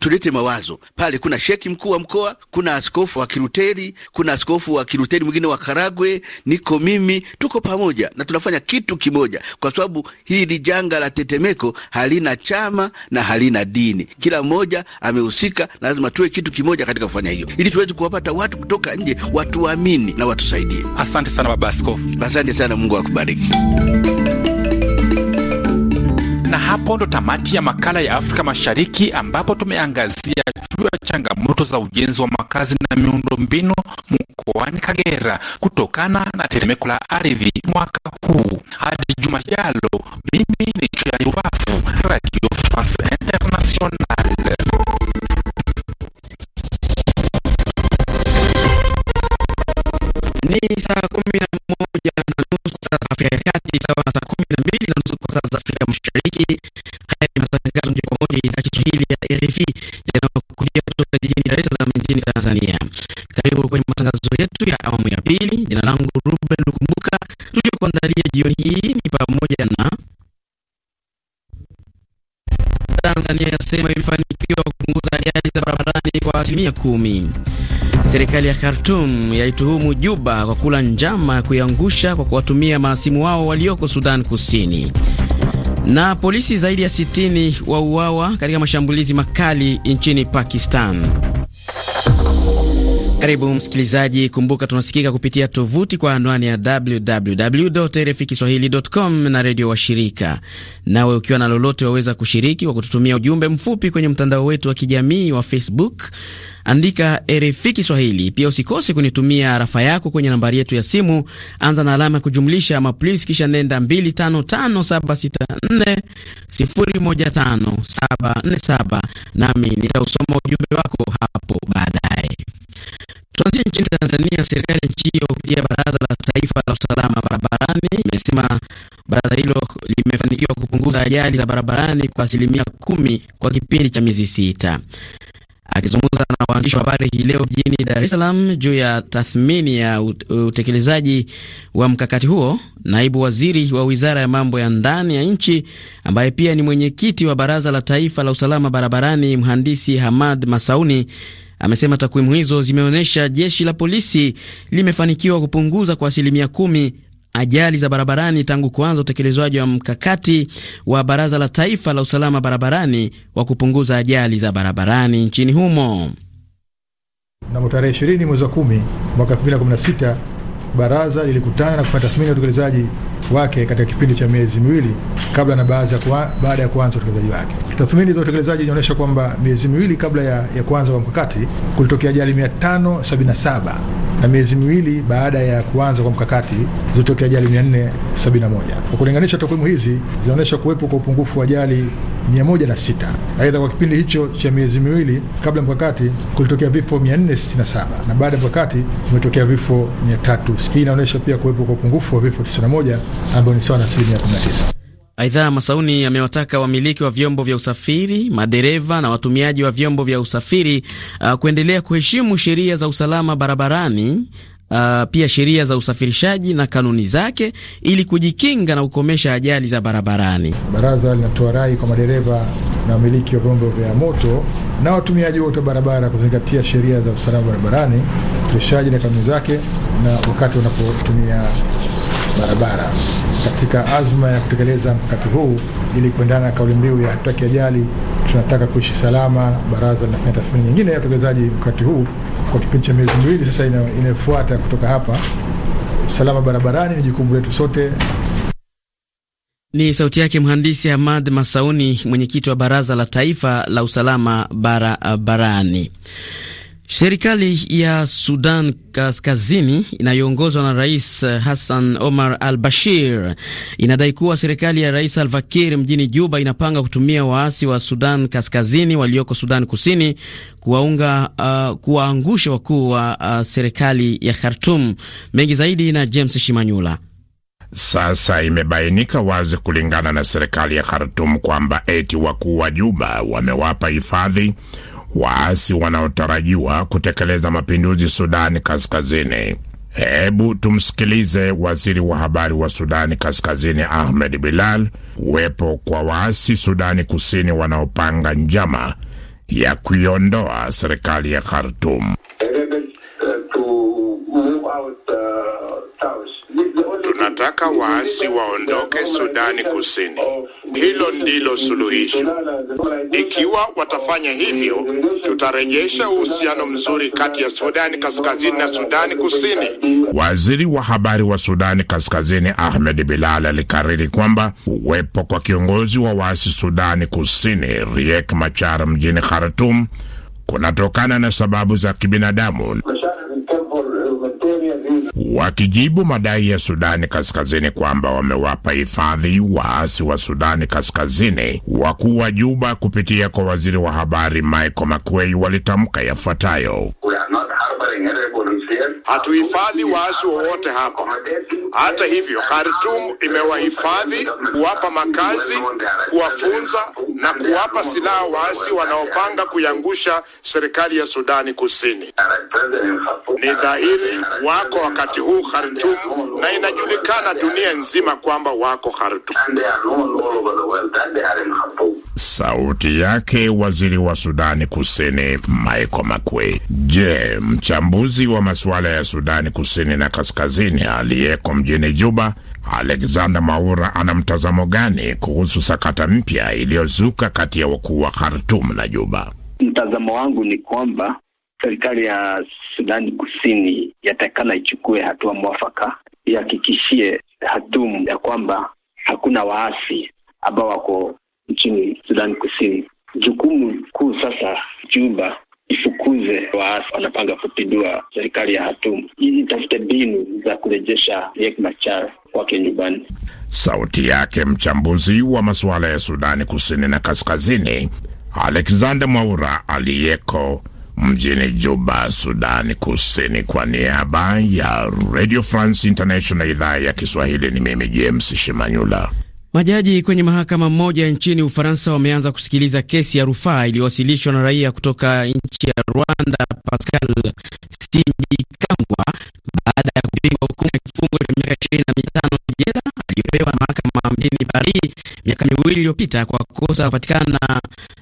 tulete mawazo pale. Kuna sheki mkuu wa mkoa, kuna askofu wa Kiruteri, kuna askofu wa Kiruteri mwingine wa Karagwe, niko mimi, tuko pamoja na tunafanya kitu kimoja, kwa sababu hili janga la tetemeko halina chama na halina dini, kila mmoja amehusika na lazima tuwe kitu kimoja katika wanaofanya hiyo, ili tuweze kuwapata watu kutoka nje watuamini na watusaidie. Asante sana baba askofu. Asante sana, Mungu akubariki. Na hapo ndo tamati ya makala ya Afrika Mashariki ambapo tumeangazia juu ya changamoto za ujenzi wa makazi na miundombinu mkoani Kagera kutokana na tetemeko la ardhi mwaka huu. Hadi juma jalo, mimi ni Chuyani Wafu, Radio France Internationale. Afrika ya Kati sawa na saa kumi na mbili na nusu kwa saa za Afrika Mashariki. Haya ni matangazo moja kwa moja idhaa Kiswahili ya RFI yanayokujia kutoka jijini Dar es Salaam nchini Tanzania. Karibu kwenye matangazo yetu ya awamu ya pili. Jina langu Ruben Lukumbuka. Tuliokuandalia jioni hii ni pamoja na Tanzania yasema imefanikiwa kupunguza ajali za barabarani kwa asilimia kumi. Serikali ya Khartum yaituhumu Juba kwa kula njama ya kuiangusha kwa kuwatumia maasimu wao walioko Sudan Kusini. Na polisi zaidi ya 60 wauawa katika mashambulizi makali nchini Pakistan. Karibu msikilizaji, kumbuka tunasikika kupitia tovuti kwa anwani ya www RFI kiswahilicom na redio wa shirika Nawe ukiwa na lolote, waweza kushiriki kwa kututumia ujumbe mfupi kwenye mtandao wetu wa kijamii wa Facebook andika RFI Kiswahili. Pia usikose kunitumia rafa yako kwenye nambari yetu ya simu, anza na alama ya kujumlisha ama plus, kisha nenda 255764015747 nami nitausoma ujumbe wako hapo baadaye. Tuanzie nchini Tanzania. Serikali ya nchi hiyo kupitia Baraza la Taifa la Usalama Barabarani imesema baraza hilo limefanikiwa kupunguza ajali za barabarani kwa asilimia kumi kwa kipindi cha miezi sita. Akizungumza na waandishi wa habari hii leo jijini Dar es Salaam juu ya tathmini ya utekelezaji wa mkakati huo, naibu waziri wa wizara ya mambo ya ndani ya nchi ambaye pia ni mwenyekiti wa baraza la taifa la usalama barabarani, mhandisi Hamad Masauni amesema takwimu hizo zimeonyesha jeshi la polisi limefanikiwa kupunguza kwa asilimia kumi ajali za barabarani tangu kuanza utekelezwaji wa mkakati wa Baraza la Taifa la Usalama Barabarani wa kupunguza ajali za barabarani nchini humo. Mnamo tarehe ishirini mwezi wa kumi mwaka sita baraza lilikutana na kufanya tathmini ya utekelezaji wake katika kipindi cha miezi miwili kabla na baada ya kuanza utekelezaji wake. Tathmini za utekelezaji inaonyesha kwamba miezi miwili kabla ya, ya kuanza kwa mkakati kulitokea ajali 577 na miezi miwili baada ya kuanza kwa mkakati zilitokea ajali 471. Kwa kulinganisha takwimu hizi zinaonyesha kuwepo kwa upungufu wa ajali 106. Aidha, kwa kipindi hicho cha miezi miwili kabla mkakati kulitokea vifo 467 na baada ya mkakati kumetokea vifo 300. Hii inaonyesha pia kuwepo kwa upungufu wa vifo 91 ambayo ni sawa na asilimia 19. Aidha, Masauni amewataka wamiliki wa vyombo vya usafiri, madereva na watumiaji wa vyombo vya usafiri uh, kuendelea kuheshimu sheria za usalama barabarani Uh, pia sheria za usafirishaji na kanuni zake ili kujikinga na kukomesha ajali za barabarani. Baraza linatoa rai kwa madereva na wamiliki wa vyombo vya moto na watumiaji wote wa barabara kuzingatia sheria za usalama barabarani, usafirishaji na kanuni zake, na wakati wanapotumia barabara katika azma ya kutekeleza mkakati huu ili kuendana na kauli mbiu ya hatutaki ajali, tunataka kuishi salama. Baraza linafanya tathmini nyingine ya utekelezaji mkakati huu kwa kipindi cha miezi miwili sasa inayofuata kutoka hapa. Usalama barabarani ni jukumu letu sote. Ni sauti yake mhandisi ahmad Masauni, mwenyekiti wa Baraza la Taifa la Usalama Barabarani. Serikali ya Sudan Kaskazini inayoongozwa na Rais eh, Hassan Omar al Bashir inadai kuwa serikali ya Rais al Fakir mjini Juba inapanga kutumia waasi wa Sudan Kaskazini walioko Sudan Kusini kuwaunga uh, kuwaangusha wakuu wa uh, serikali ya Khartum. Mengi zaidi na James Shimanyula. Sasa imebainika wazi kulingana na serikali ya Khartum kwamba eti wakuu wa Juba wamewapa hifadhi waasi wanaotarajiwa kutekeleza mapinduzi Sudani Kaskazini. Hebu tumsikilize waziri wa habari wa Sudani Kaskazini Ahmed Bilal. Kuwepo kwa waasi Sudani Kusini wanaopanga njama ya kuiondoa serikali ya Khartum wanataka waasi waondoke Sudani Kusini. Hilo ndilo suluhisho. Ikiwa watafanya hivyo, tutarejesha uhusiano mzuri kati ya Sudani Kaskazini na Sudani Kusini. Waziri wa habari wa Sudani Kaskazini Ahmed Bilal alikariri kwamba uwepo kwa kiongozi wa waasi Sudani Kusini Riek Machar mjini khartum kunatokana na sababu za kibinadamu Wakijibu madai ya Sudani Kaskazini kwamba wamewapa hifadhi waasi wa Sudani Kaskazini, wakuu wa Juba kupitia kwa waziri wa habari Michael Makuei walitamka yafuatayo: Hatuhifadhi waasi wowote hapa. Hata hivyo, khartum imewahifadhi, kuwapa makazi, kuwafunza na kuwapa silaha waasi wanaopanga kuiangusha serikali ya Sudani Kusini. Ni dhahiri wako wakati huu khartum na inajulikana dunia nzima kwamba wako hartum Sauti yake waziri wa Sudani Kusini Michael makwe Je, mchambuzi wa masuala ya ya Sudani Kusini na Kaskazini aliyeko mjini Juba, Alexander Maura ana mtazamo gani kuhusu sakata mpya iliyozuka kati ya wakuu wa Khartum na Juba? Mtazamo wangu ni kwamba serikali ya Sudani Kusini yatakana ichukue hatua mwafaka, ihakikishie Khartoum ya kwamba hakuna waasi ambao wako nchini Sudani Kusini. Jukumu kuu sasa Juba ifukuze waasi wanapanga kupindua serikali ya Hatumu ili itafute mbinu za kurejesha Riek Machar kwake nyumbani. Sauti yake mchambuzi wa masuala ya Sudani kusini na kaskazini Alexander Mwaura aliyeko mjini Juba, Sudani Kusini. Kwa niaba ya Radio France International idhaa ya Kiswahili, ni mimi James Shimanyula. Majaji kwenye mahakama moja nchini Ufaransa wameanza kusikiliza kesi ya rufaa iliyowasilishwa na raia kutoka nchi ya Rwanda, Pascal Simbikangwa, baada ya kupingwa hukumu ya kifungo cha miaka ishirini na mitano aliyopewa na mahakama mjini Paris miaka miwili iliyopita kwa kosa kupatikana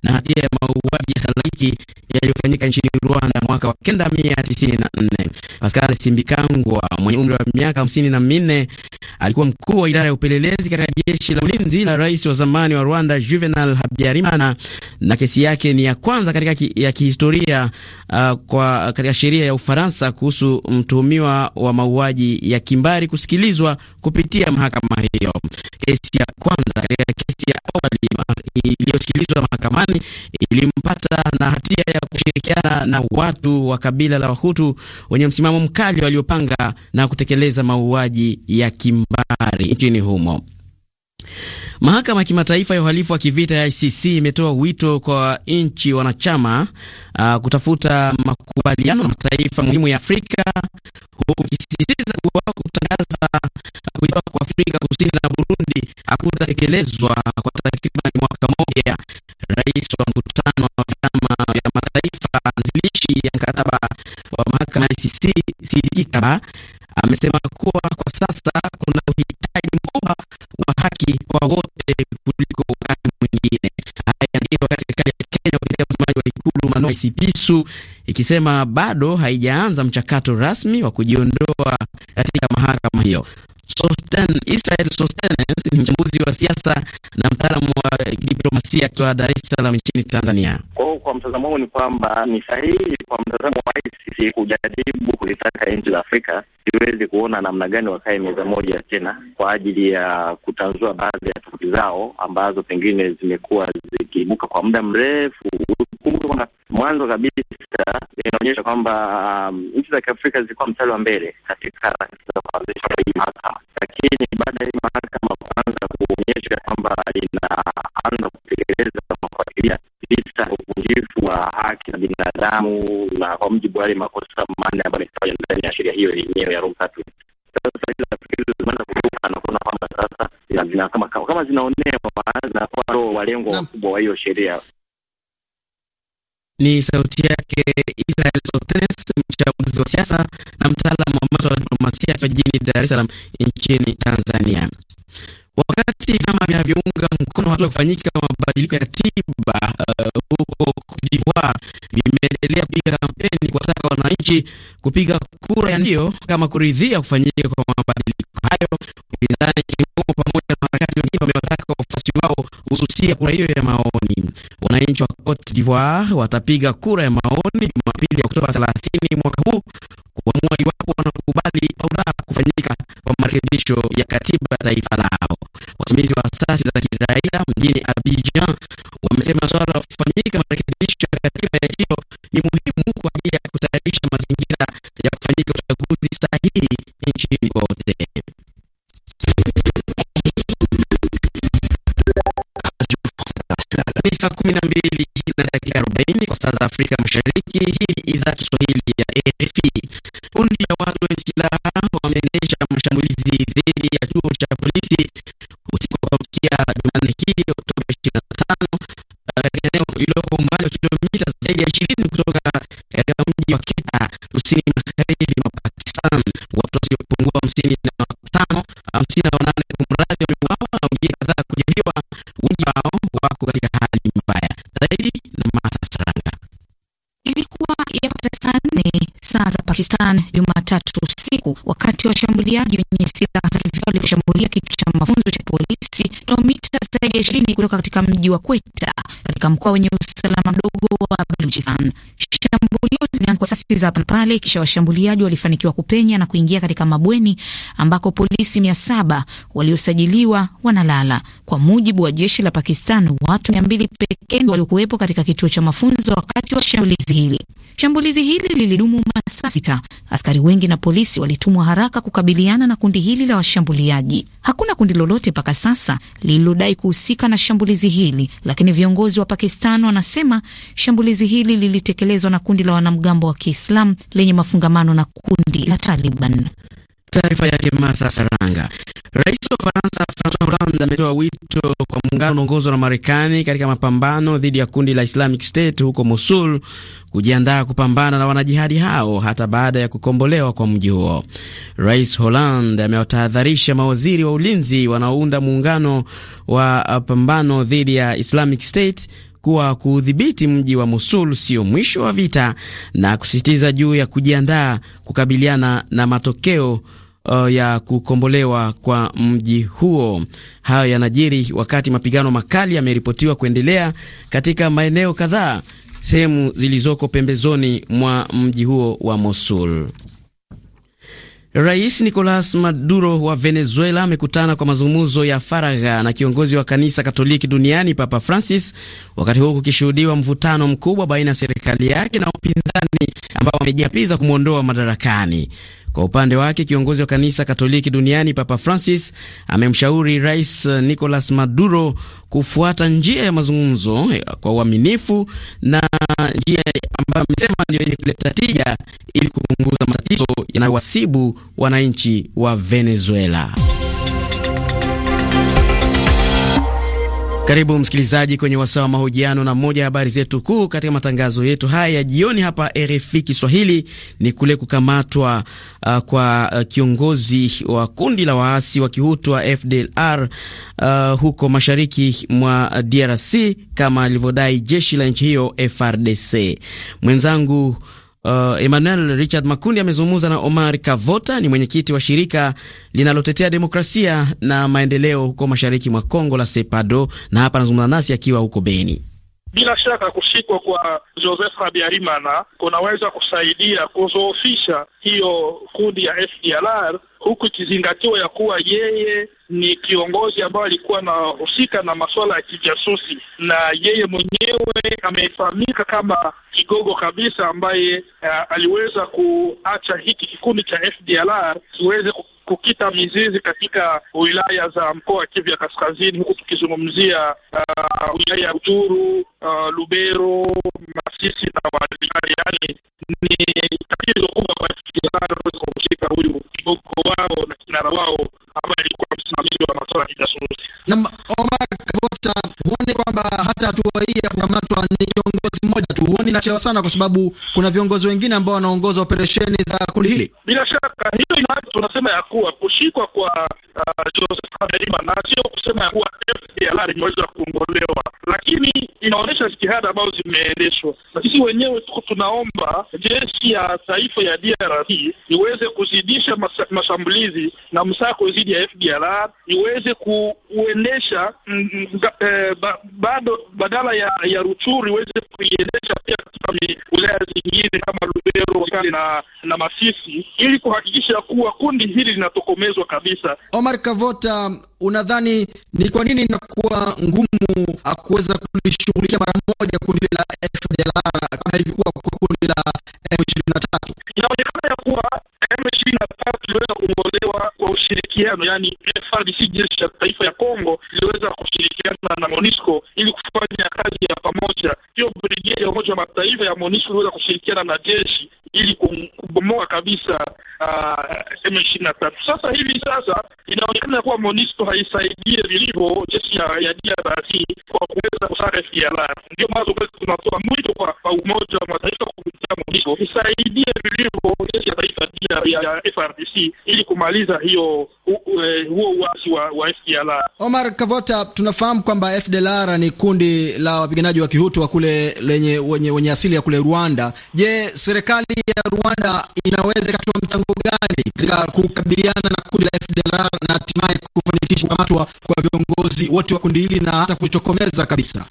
na hatia ya mauaji ya halaiki yaliyofanyika nchini Rwanda mwaka wa 1994. Pascal Simbikangwa mwenye umri wa miaka hamsini na minne alikuwa mkuu wa idara ya upelelezi katika jeshi la ulinzi la rais wa zamani wa Rwanda Juvenal Habyarimana, na kesi yake ni ya kwanza katika ki, ya kihistoria uh, kwa katika sheria ya Ufaransa kuhusu mtuhumiwa wa mauaji ya kimbari kusikilizwa kupitia mahakama hiyo. Kesi ya kwanza katika kesi ya awali iliyosikilizwa mahakamani ilimpata na hatia ya kushirikiana na watu wa kabila la Wahutu wenye msimamo mkali waliopanga na kutekeleza mauaji ya kimbari nchini humo. Mahakama ya Kimataifa ya Uhalifu wa Kivita ya ICC imetoa wito kwa nchi wanachama uh, kutafuta makubaliano na mataifa muhimu ya Afrika, huku ikisisitiza kuwa kutangaza uh, kujiunga kwa Afrika Kusini na Burundi hakutatekelezwa kwa takriban mwaka mmoja. Rais wa mkutano wa vyama vya mataifa anzilishi ya mkataba wa mahakama ICC Sidiki Kaba amesema kuwa kwa sasa kuna uhitaji mkubwa wa haki kwa wote kuliko wakati mwingine. Haya ndiyo serikali ya Kenya kupitia msemaji wa ikulu Manoah Esipisu ikisema bado haijaanza mchakato rasmi wa kujiondoa katika mahakama hiyo. Sostan Israel Sostenes ni mchambuzi wa siasa na mtaalamu wa diplomasia akiwa Dar es Salaam nchini Tanzania. Kwa hiyo kwa mtazamo huu ni kwamba ni sahihi kwa mtazamo wa ICC kujaribu kulitaka nchi za Afrika iweze kuona namna gani wakae meza moja tena kwa ajili ya kutanzua baadhi ya tofauti zao ambazo pengine zimekuwa zikiibuka kwa muda mrefu. Kumbuka kwamba mwanzo kabisa inaonyesha kwamba um, nchi za Kiafrika zilikuwa mstari wa mbele katika harakati za kuanzisha hii mahakama, lakini baada ya hii mahakama kuanza kuonyesha kwamba inaanza kutekeleza mafuatilia vita uvunjifu wa haki za binadamu na kwa mjibu wa yale makosa manne ambayo ametajwa ndani ya sheria hiyo yenyewe ya Rome Statute. Sasa hizi nafikiri zimeanza kuruka na kuona kwamba sasa kama zinaonewa zinakuwa ndo walengwa wakubwa wa hiyo sheria. Ni sauti yake Israel Sotenes, mchambuzi wa siasa na mtaalamu wa masuala ya diplomasia akiwa jijini Dar es Salaam nchini Tanzania. Wakati vyama vinavyounga mkono hatua kufanyika mabadiliko ya katiba uh, huko Cote d'Ivoire vimeendelea kupiga kampeni kuwataka wananchi kupiga kura ya ndio kama kuridhia kufanyika kwa mabadiliko hayo. Upinzani nchini humo pamoja na harakati wengine wamewataka wafuasi wao hususia kura hiyo ya maoni. Wananchi wa Cote d'Ivoire watapiga kura ya maoni Jumapili ya Oktoba 30 mwaka huu kuamua iwapo wanakubali au la kufanyika kwa marekebisho ya katiba ya taifa lao. Wasimamizi wa asasi za kiraia mjini Abidjan wamesema swala la kufanyika marekebisho ya katiba ya hiyo ni muhimu kwa ajili ya kutayarisha mazingira ya kufanyika uchaguzi sahihi nchini kote. Saa kumi na mbili na dakika arobaini kwa saa za Afrika Mashariki. Hii ni idhaa Kiswahili ya RFI. Kundi la watu wenye silaha wameendesha mashambulizi dhidi ya chuo cha polisi usiku wa kuamkia Jumanne hii Oktoba ishirini na tano katika eneo lililoko umbali wa kilomita zaidi ya ishirini kutoka katika mji wa Kita kusini magharibi mwa Pakistan. Watu wasiopungua hamsini na watano hamsini na wanane kumradhi wameuawa na wengine kadhaa kujeruhiwa wengi wao wako katika hali mbaya zaidi. Na Martha Saranga ilikuwa yapata saa za Pakistan Jumatatu usiku wakati washambuliaji wenye silaha za kivita walivyoshambulia kituo cha mafunzo cha polisi kilomita zaidi ya ishirini kutoka katika mji wa Kweta katika mkoa wenye usalama mdogo wa Baluchistan. Shambulio lilianza kwa sasi za pale, kisha washambuliaji walifanikiwa kupenya na kuingia katika mabweni ambako polisi mia saba waliosajiliwa wanalala. Kwa mujibu wa jeshi la Pakistan, watu mia mbili pekee waliokuwepo katika kituo cha mafunzo wakati wa shambulizi hili. Shambulizi hili lilidumu masaa sita. Askari wengi na polisi walitumwa haraka kukabiliana na kundi hili la washambuliaji. Hakuna kundi lolote mpaka sasa lililodai kuhusika na shambulizi hili, lakini viongozi wa Pakistan wanasema shambulizi hili lilitekelezwa na kundi la wanamgambo wa Kiislamu lenye mafungamano na kundi la Taliban. Taarifa yake Martha Saranga. Rais wa Faransa Francois Hollande ametoa wito kwa muungano unaongozwa na Marekani katika mapambano dhidi ya kundi la Islamic State huko Mosul kujiandaa kupambana na wanajihadi hao hata baada ya kukombolewa kwa mji huo. Rais Hollande amewatahadharisha mawaziri wa ulinzi wanaounda muungano wa pambano dhidi ya Islamic State kuwa kuudhibiti mji wa Mosul sio mwisho wa vita na kusisitiza juu ya kujiandaa kukabiliana na matokeo uh, ya kukombolewa kwa mji huo. Hayo yanajiri wakati mapigano makali yameripotiwa kuendelea katika maeneo kadhaa, sehemu zilizoko pembezoni mwa mji huo wa Mosul. Rais Nicolas Maduro wa Venezuela amekutana kwa mazungumzo ya faragha na kiongozi wa kanisa Katoliki duniani Papa Francis, wakati huo kukishuhudiwa mvutano mkubwa baina ya serikali yake na upinzani ambao wamejiapiza kumwondoa madarakani. Kwa upande wake kiongozi wa kanisa Katoliki duniani Papa Francis amemshauri Rais eh, Nicolas Maduro kufuata njia ya mazungumzo eh, kwa uaminifu na njia ambayo amesema ndio yenye kuleta tija ili kupunguza matatizo yanayowasibu wananchi wa Venezuela. Karibu msikilizaji kwenye wasaa wa mahojiano, na moja ya habari zetu kuu katika matangazo yetu haya ya jioni hapa RFI Kiswahili ni kule kukamatwa uh, kwa uh, kiongozi wa kundi la waasi wa kihutu wa FDLR uh, huko mashariki mwa DRC kama alivyodai jeshi la nchi hiyo FRDC. Mwenzangu uh, Emmanuel Richard Makundi amezungumza na Omar Kavota, ni mwenyekiti wa shirika linalotetea demokrasia na maendeleo huko mashariki mwa Kongo la SEPADO, na hapa anazungumza nasi akiwa huko Beni. Bila shaka kushikwa kwa Joseph Habyarimana kunaweza kusaidia kuzoofisha hiyo kundi ya FDLR, huku ikizingatiwa ya kuwa yeye ni kiongozi ambaye alikuwa anahusika na masuala ya kijasusi, na yeye mwenyewe amefahamika kama kigogo kabisa, ambaye uh, aliweza kuacha hiki kikundi cha FDLR kiweze kukita mizizi katika wilaya za mkoa wa Kivu ya Kaskazini, huku tukizungumzia uh, wilaya ya Uturu, uh, Lubero, Masisi na Walikale. Yani ni tatizo kubwa kwa kushika huyu kiboko wao na kinara wao ambaye alikuwa msimamizi wa masuala ya kijasusi na Omar sasa huoni kwamba hata hatua hii ya kukamatwa ni kiongozi mmoja tu, huoni nachelewa sana, kwa sababu kuna viongozi wengine ambao wanaongoza operesheni za kundi hili? Bila shaka hiyo ina tunasema ya kuwa kushikwa kwa uh, Joseph Habyarimana na sio kusema ya kuwa FDLR imeweza kuongolewa, lakini inaonyesha jitihada ambazo zimeendeshwa, na sisi wenyewe tuko tunaomba jeshi ya taifa ya DRC iweze kuzidisha mashambulizi na msako dhidi ya FDLR iweze kuendesha eh, ba, bado badala ya, ya Rutshuru iweze kuiendesha pia katika wilaya zingine kama Lubero na, na Masisi ili kuhakikisha kuwa kundi hili linatokomezwa kabisa. Omar Kavota, unadhani ni kwa nini inakuwa ngumu kuweza kulishughulikia mara moja kundi la FDLR kama ilivyokuwa kwa kundi la M23? Inaonekana ya kuwa wakati uliweza kwa ushirikiano, yani frdc jeshi ya taifa ya Kongo iliweza kushirikiana na MONUSCO ili kufanya kazi ya pamoja. Hiyo brigedi ya Umoja wa Mataifa ya MONUSCO iliweza kushirikiana na jeshi ili kubomoa kabisa uh, M ishirini na tatu. Sasa hivi sasa inaonekana kuwa MONUSCO haisaidie vilivyo jeshi ya DRC kwa kuweza kusare FDLR. Ndio maana tunatoa mwito kwa Umoja wa Mataifa kupitia MONUSCO isaidie vilivyo jeshi ya taifa ya FRDC ili kumaliza hiyo eh, huo uasi wa FDLR. Omar Kavota, tunafahamu kwamba FDLR ni kundi la wapiganaji wa kihutu wa kule lenye wenye asili ya kule Rwanda. Je, serikali ya Rwanda inaweza ikatoa mchango gani katika kukabiliana na kundi la FDLR na hatimaye kufanikisha kukamatwa kwa viongozi wote wa kundi hili na hata kuchokomeza kabisa?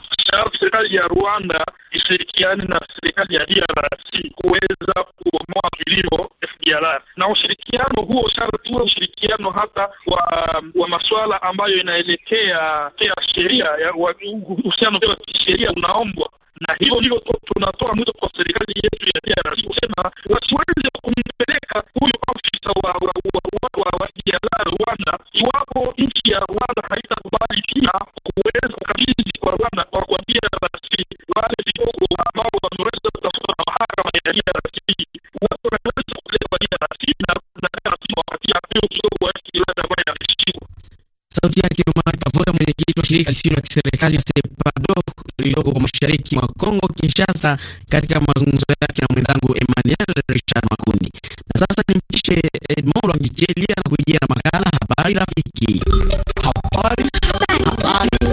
Serikali ya Rwanda ishirikiane na serikali ya DRC kuweza kuomoa vilio FDLR, na ushirikiano huo sharti uwe ushirikiano hata wa, wa masuala ambayo inaelekea sheria, uhusiano wa kisheria unaombwa na hivyo ndivyo tunatoa mwito kwa serikali yetu ya DRC kusema wasiweze kumpeleka huyo afisa wa wa wa wa wa Rwanda iwapo nchi ya Rwanda haitakubali pia kuweza kukabidhi kwa Rwanda kwa kuambia DRC wale vigogo ambao wameweza kutafuta mahakama ya DRC watu wanaweza kupelekwa DRC na na DRC wapatia hiyo kidogo wa kila ambayo yameshikiwa Sauti yake Omar Kavota, mwenyekiti wa shirika lisilo la kiserikali SEPADOK lililoko mashariki mwa Kongo Kinshasa, katika mazungumzo yake na mwenzangu Emmanuel Richard Makundi. Na sasa nimpishe Edmond Lwangichelia na kujia na makala habari rafiki. Habari. Habari. Habari.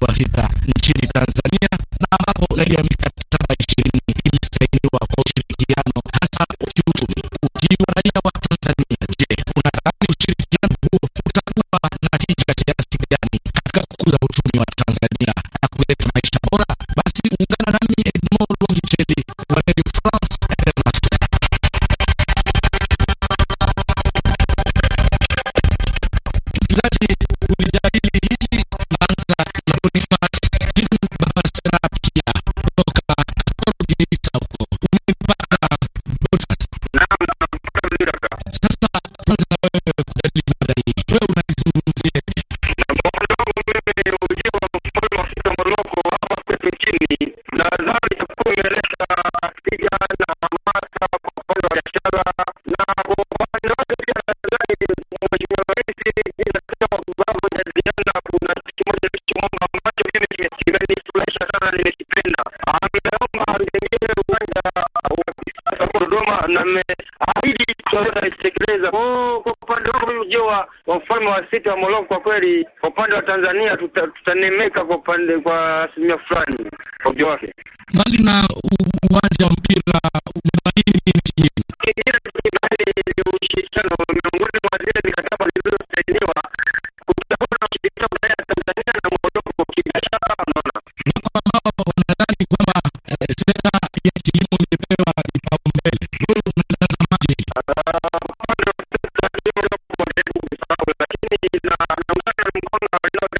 mwezi wa sita nchini Tanzania na ambapo zaidi ya mikataba ishirini imesainiwa kwa ushirikiano hasa kiuchumi. Ukiwa raia wa Tanzania, je, unadhani ushirikiano huo utakuwa na tija kiasi gani katika kukuza uchumi wa Tanzania na kuleta maisha bora? Basi ungana nami Edmond Longicheli wa Radio France nadhani itakuwa imeleta tija na hamasa kwa upande wa biashara, na kwa upande wake pia nadhani mheshimiwa rais inasema kwamba kuna kitu kimoja alichoomba ambacho mimi kimenifurahisha sana, nimekipenda. Ameomba ajengee uwanja ameahidi mmeahidi Kwa upande wangu mimi ujio wa, mfalme wa sita wa Moroko kwa kweli, kwa upande wa Tanzania tutanemeka kwa upande kwa asilimia fulani kwa ujio wake. Mbali na uwanja wa mpira umebaini na kibiashara, na kwa kwamba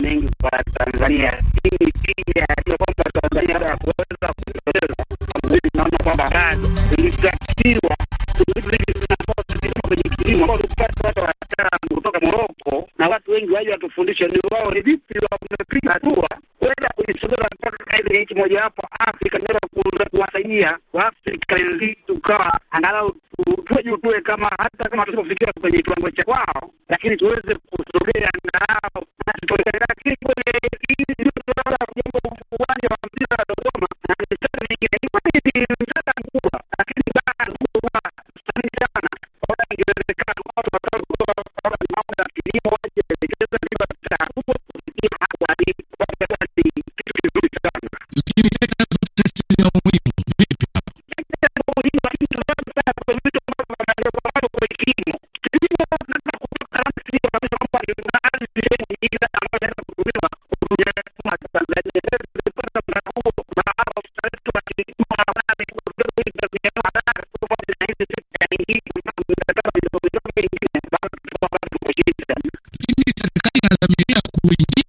manufaa mengi kwa Tanzania, lakini pia hiyo kwamba Tanzania ya kuweza kuendeleza Mimi naona kwamba bado tulitakiwa kwenye kilimo ambao tupate watu wataalamu kutoka Moroko na watu wengi waje watufundishe ni wao ni vipi wamepiga hatua kuweza kujisogeza mpaka kaili ya nchi moja mojawapo Afrika inaweza kuweza kuwasaidia Waafrika wengi, tukawa angalau tuwe tuwe kama hata kama tusipofikia kwenye kiwango cha kwao, lakini tuweze kusogea angalau lakini sekta zote si ya muhimu ila kuingia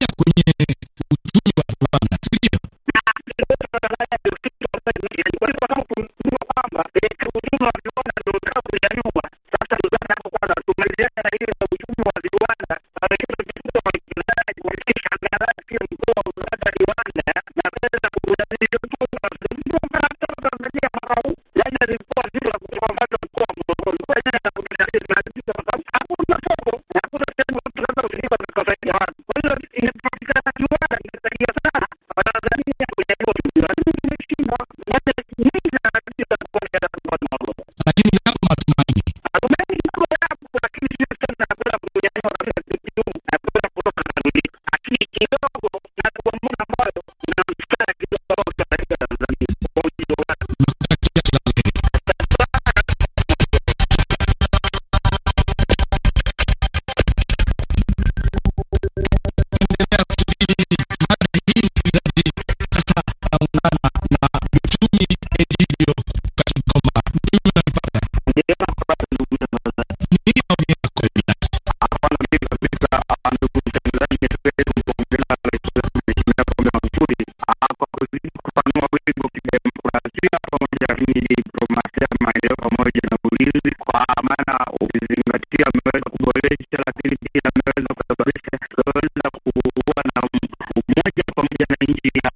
kuwezesha lakini pia ameweza kusababisha kuweza kuwa na umoja pamoja na nchi ya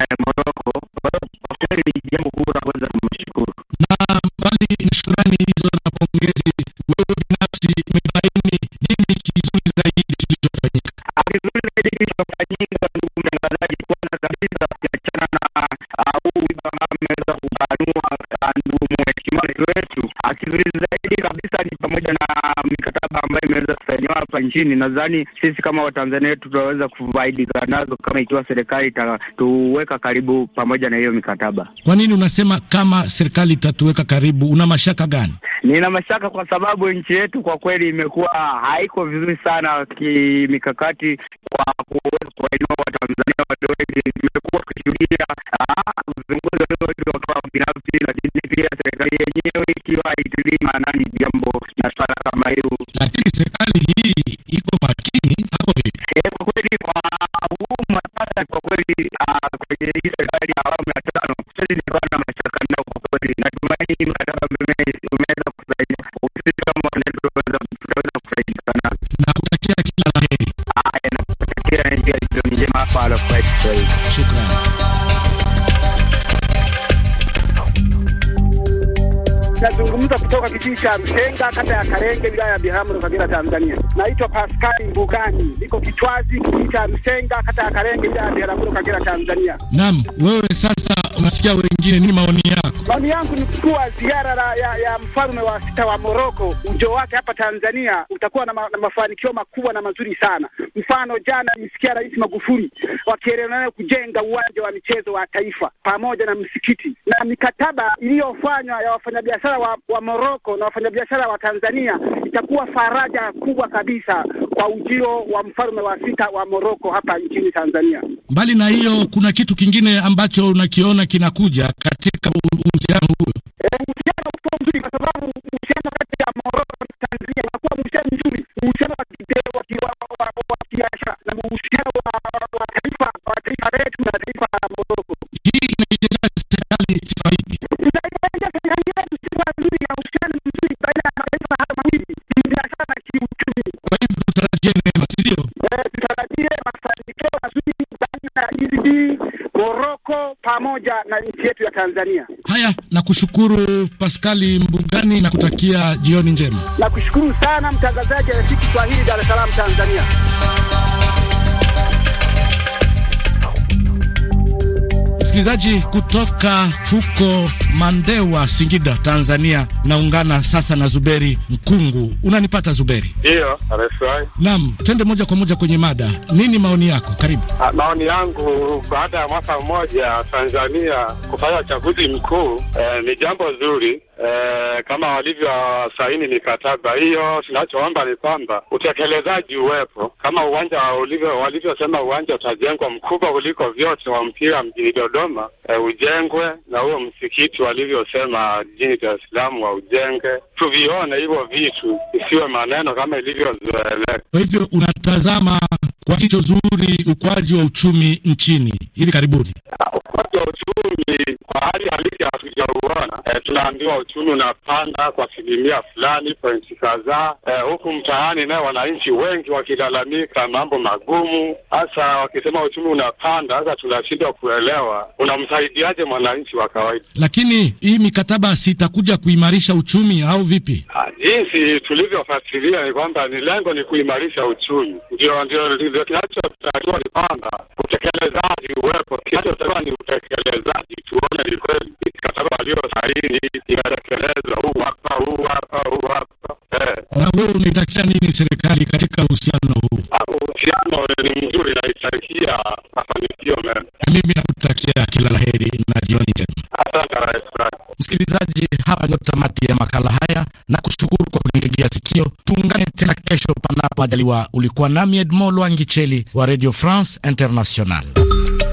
eh, Moroko. Kwa kweli ni jambo kubwa la kuweza kumshukuru, na mbali na shukrani hizo na pongezi, wewe binafsi umebaini nini kizuri zaidi kilichofanyika? Kizuri zaidi kilichofanyika, ndugu mtangazaji, kwanza kabisa kiachana na ah, huu wiba ameweza kupanua ah, ndugu mheshimiwa wetu Akizuri zaidi kabisa ni pamoja na mikataba ambayo imeweza kusainiwa hapa nchini. Nadhani sisi kama Watanzania tutaweza kufaidika nazo kama ikiwa serikali itatuweka karibu pamoja na hiyo mikataba. Kwa nini unasema kama serikali itatuweka karibu? Una mashaka gani? Nina mashaka kwa sababu nchi yetu kwa kweli imekuwa haiko vizuri sana kimikakati kwa kuweza kuwainua Watanzania walio wengi tumekuwa tukishuhudia ah, viongozi walio wengi wa binafsi, lakini pia serikali yenyewe ikiwa haitilii maanani jambo na swala kama hilo. Lakini serikali hii iko makini hapo vipi? Eh, kwa kweli, kwa huu matata, kwa kweli ah, kwenye hii serikali ya awamu ya tano, sisi nikawa na mashaka nao kwa kweli. Natumaini matata umeweza kusaidia utaweza kusaidika nao na kutakia kila la heri. Father Fred Craig. you. Nazungumza kutoka kijiji cha Mshenga, kata ya Karenge, wilaya ya Biharamulo, Kagera, Tanzania. Naitwa Paskali Mbugani, niko Kitwazi, kijiji cha Mshenga, kata ya Karenge, wilaya ya Biharamulo, Kagera, Tanzania. Naam, wewe sasa unasikia wengine, nini maoni yako? Maoni yangu ni kuwa ziara ya, ya mfalme wa sita wa Moroko, ujo wake hapa Tanzania utakuwa na, ma, na mafanikio makubwa na mazuri sana. Mfano, jana nisikia Rais Magufuli wakielewana kujenga uwanja wa michezo wa taifa pamoja na msikiti na mikataba iliyofanywa ya wafanyabiashara wa wa Moroko na wafanyabiashara wa Tanzania itakuwa faraja kubwa kabisa kwa ujio wa mfalme wa sita wa Moroko hapa nchini Tanzania. Mbali na hiyo, kuna kitu kingine ambacho unakiona kinakuja katika uhusiano huyo? Eh, uhusiano utakuwa mzuri kwa sababu uhusiano kati ya Moroko na Tanzania unakuwa uhusiano mzuri, uhusiano wa kibiashara na uhusiano wa taifa wa taifa letu na taifa la Moroko. Hii inaitetea serikali sifa hii na nchi yetu ya Tanzania. Haya, nakushukuru Paskali Mbugani na kutakia jioni njema. Nakushukuru sana mtangazaji wa Kiswahili, Dar es Salaam, Tanzania. msikilizaji kutoka huko Mandewa, Singida, Tanzania. Naungana sasa na Zuberi Mkungu. Unanipata Zuberi? ndio Ndiyo. Naam, twende moja kwa moja kwenye mada. Nini maoni yako? Karibu. A, ah, maoni yangu baada ya mwaka mmoja Tanzania kufanya uchaguzi mkuu e, ni jambo zuri E, kama saini mikataba hiyo, tunachoomba ni kwamba utekelezaji uwepo kama uwanja ulivyo, walivyosema uwanja utajengwa mkubwa kuliko vyote wa mpira mjini Dodoma, e, ujengwe na huo msikiti walivyosema jijini Dar es Salaam wa ujenge, tuvione hivyo vitu, isiwe maneno kama ilivyozoeleka. Kwa hivyo unatazama kwa kicho zuri ukuaji wa uchumi nchini hivi karibuni? Ukuaji wa uchumi kwa hali halisi hatujauona. E, eh, tunaambiwa uchumi unapanda kwa asilimia fulani pointi kadhaa, eh, huku mtaani naye wananchi wengi wakilalamika mambo magumu, hasa wakisema uchumi unapanda. Sasa tunashindwa kuelewa unamsaidiaje mwananchi wa kawaida. Lakini hii mikataba sitakuja kuimarisha uchumi au vipi? Ah, jinsi tulivyofuatilia ni kwamba ni lengo ni kuimarisha uchumi, ndio ndio hivyo kinachotakiwa ni kwamba utekelezaji uwepo, kinachotakiwa ni utekelezaji, tuone ni kweli mikataba aliyosaini inatekelezwa, huu hapa, huu hapa, huu hapa. Eh. Na wewe unaitakia nini serikali katika uhusiano huu? Ah, uhusiano ni mzuri, naitakia mafanikio mema. Mimi nakutakia kila la heri na jioni njema. Asante Rais. Msikilizaji, hapa ndio tamati ya makala haya na kushukuru kwa kunitegea sikio. Tuungane tena kesho, panapo ajaliwa. Ulikuwa nami Edmo Lwangicheli wa Radio France International.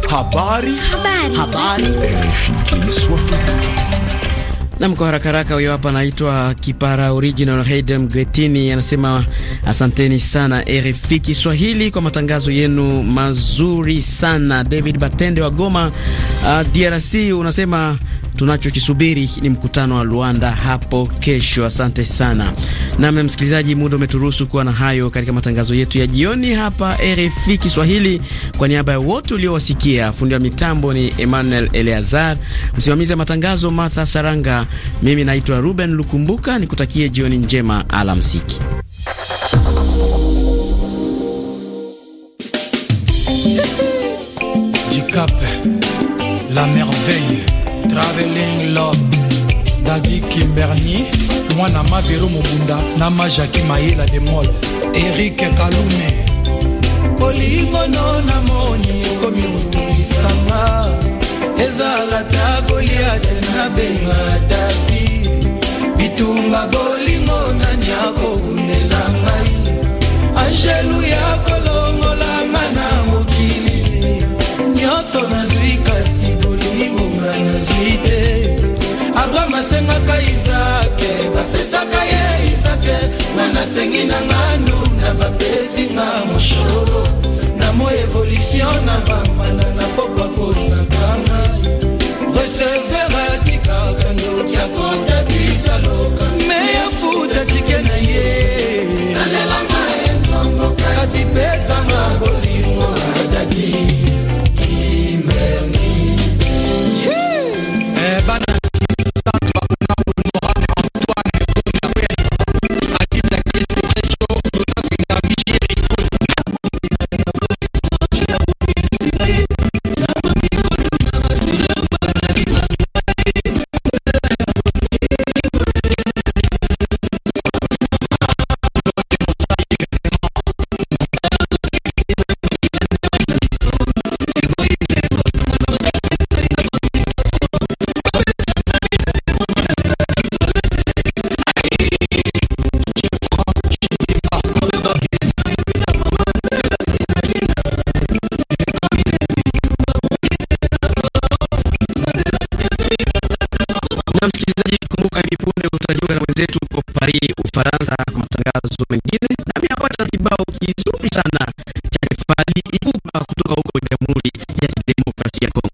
Habari, habari, habari. Nam, kwa haraka haraka, huyo hapa anaitwa Kipara Original Hedem Gretini, anasema asanteni sana RFI Kiswahili kwa matangazo yenu mazuri sana. David Batende wa Goma, uh, ah, DRC unasema tunachokisubiri ni mkutano wa Luanda hapo kesho. Asante sana nami, msikilizaji, muda umeturuhusu kuwa na hayo katika matangazo yetu ya jioni hapa RFI Kiswahili. Kwa niaba ya wote uliowasikia, fundi wa mitambo ni Emmanuel Eleazar, msimamizi wa matangazo Martha Saranga, mimi naitwa Ruben Lukumbuka, nikutakie jioni njema, alamsiki. Jikape la merveille traveling love dadi kimberni mwana mavero mobunda na majaki mayela de mol erik kalume bolingono na moni ekomi motulisanga ezala ta goliate na benga david bitunga bolingo nani akobundela ngai angelu ya kolongolanga na mokili nyonso nazwi kasi jude abraham asengaka izake bapesaka ye izake nga nasengi na nganu na bapesinga moshoro na mo evolution na bambana na Kifaransa kwa matangazo mengine, nami hapa na kibao kizuri sana cha Fally Ipupa kutoka huko Jamhuri ya Kidemokrasia ya Kongo.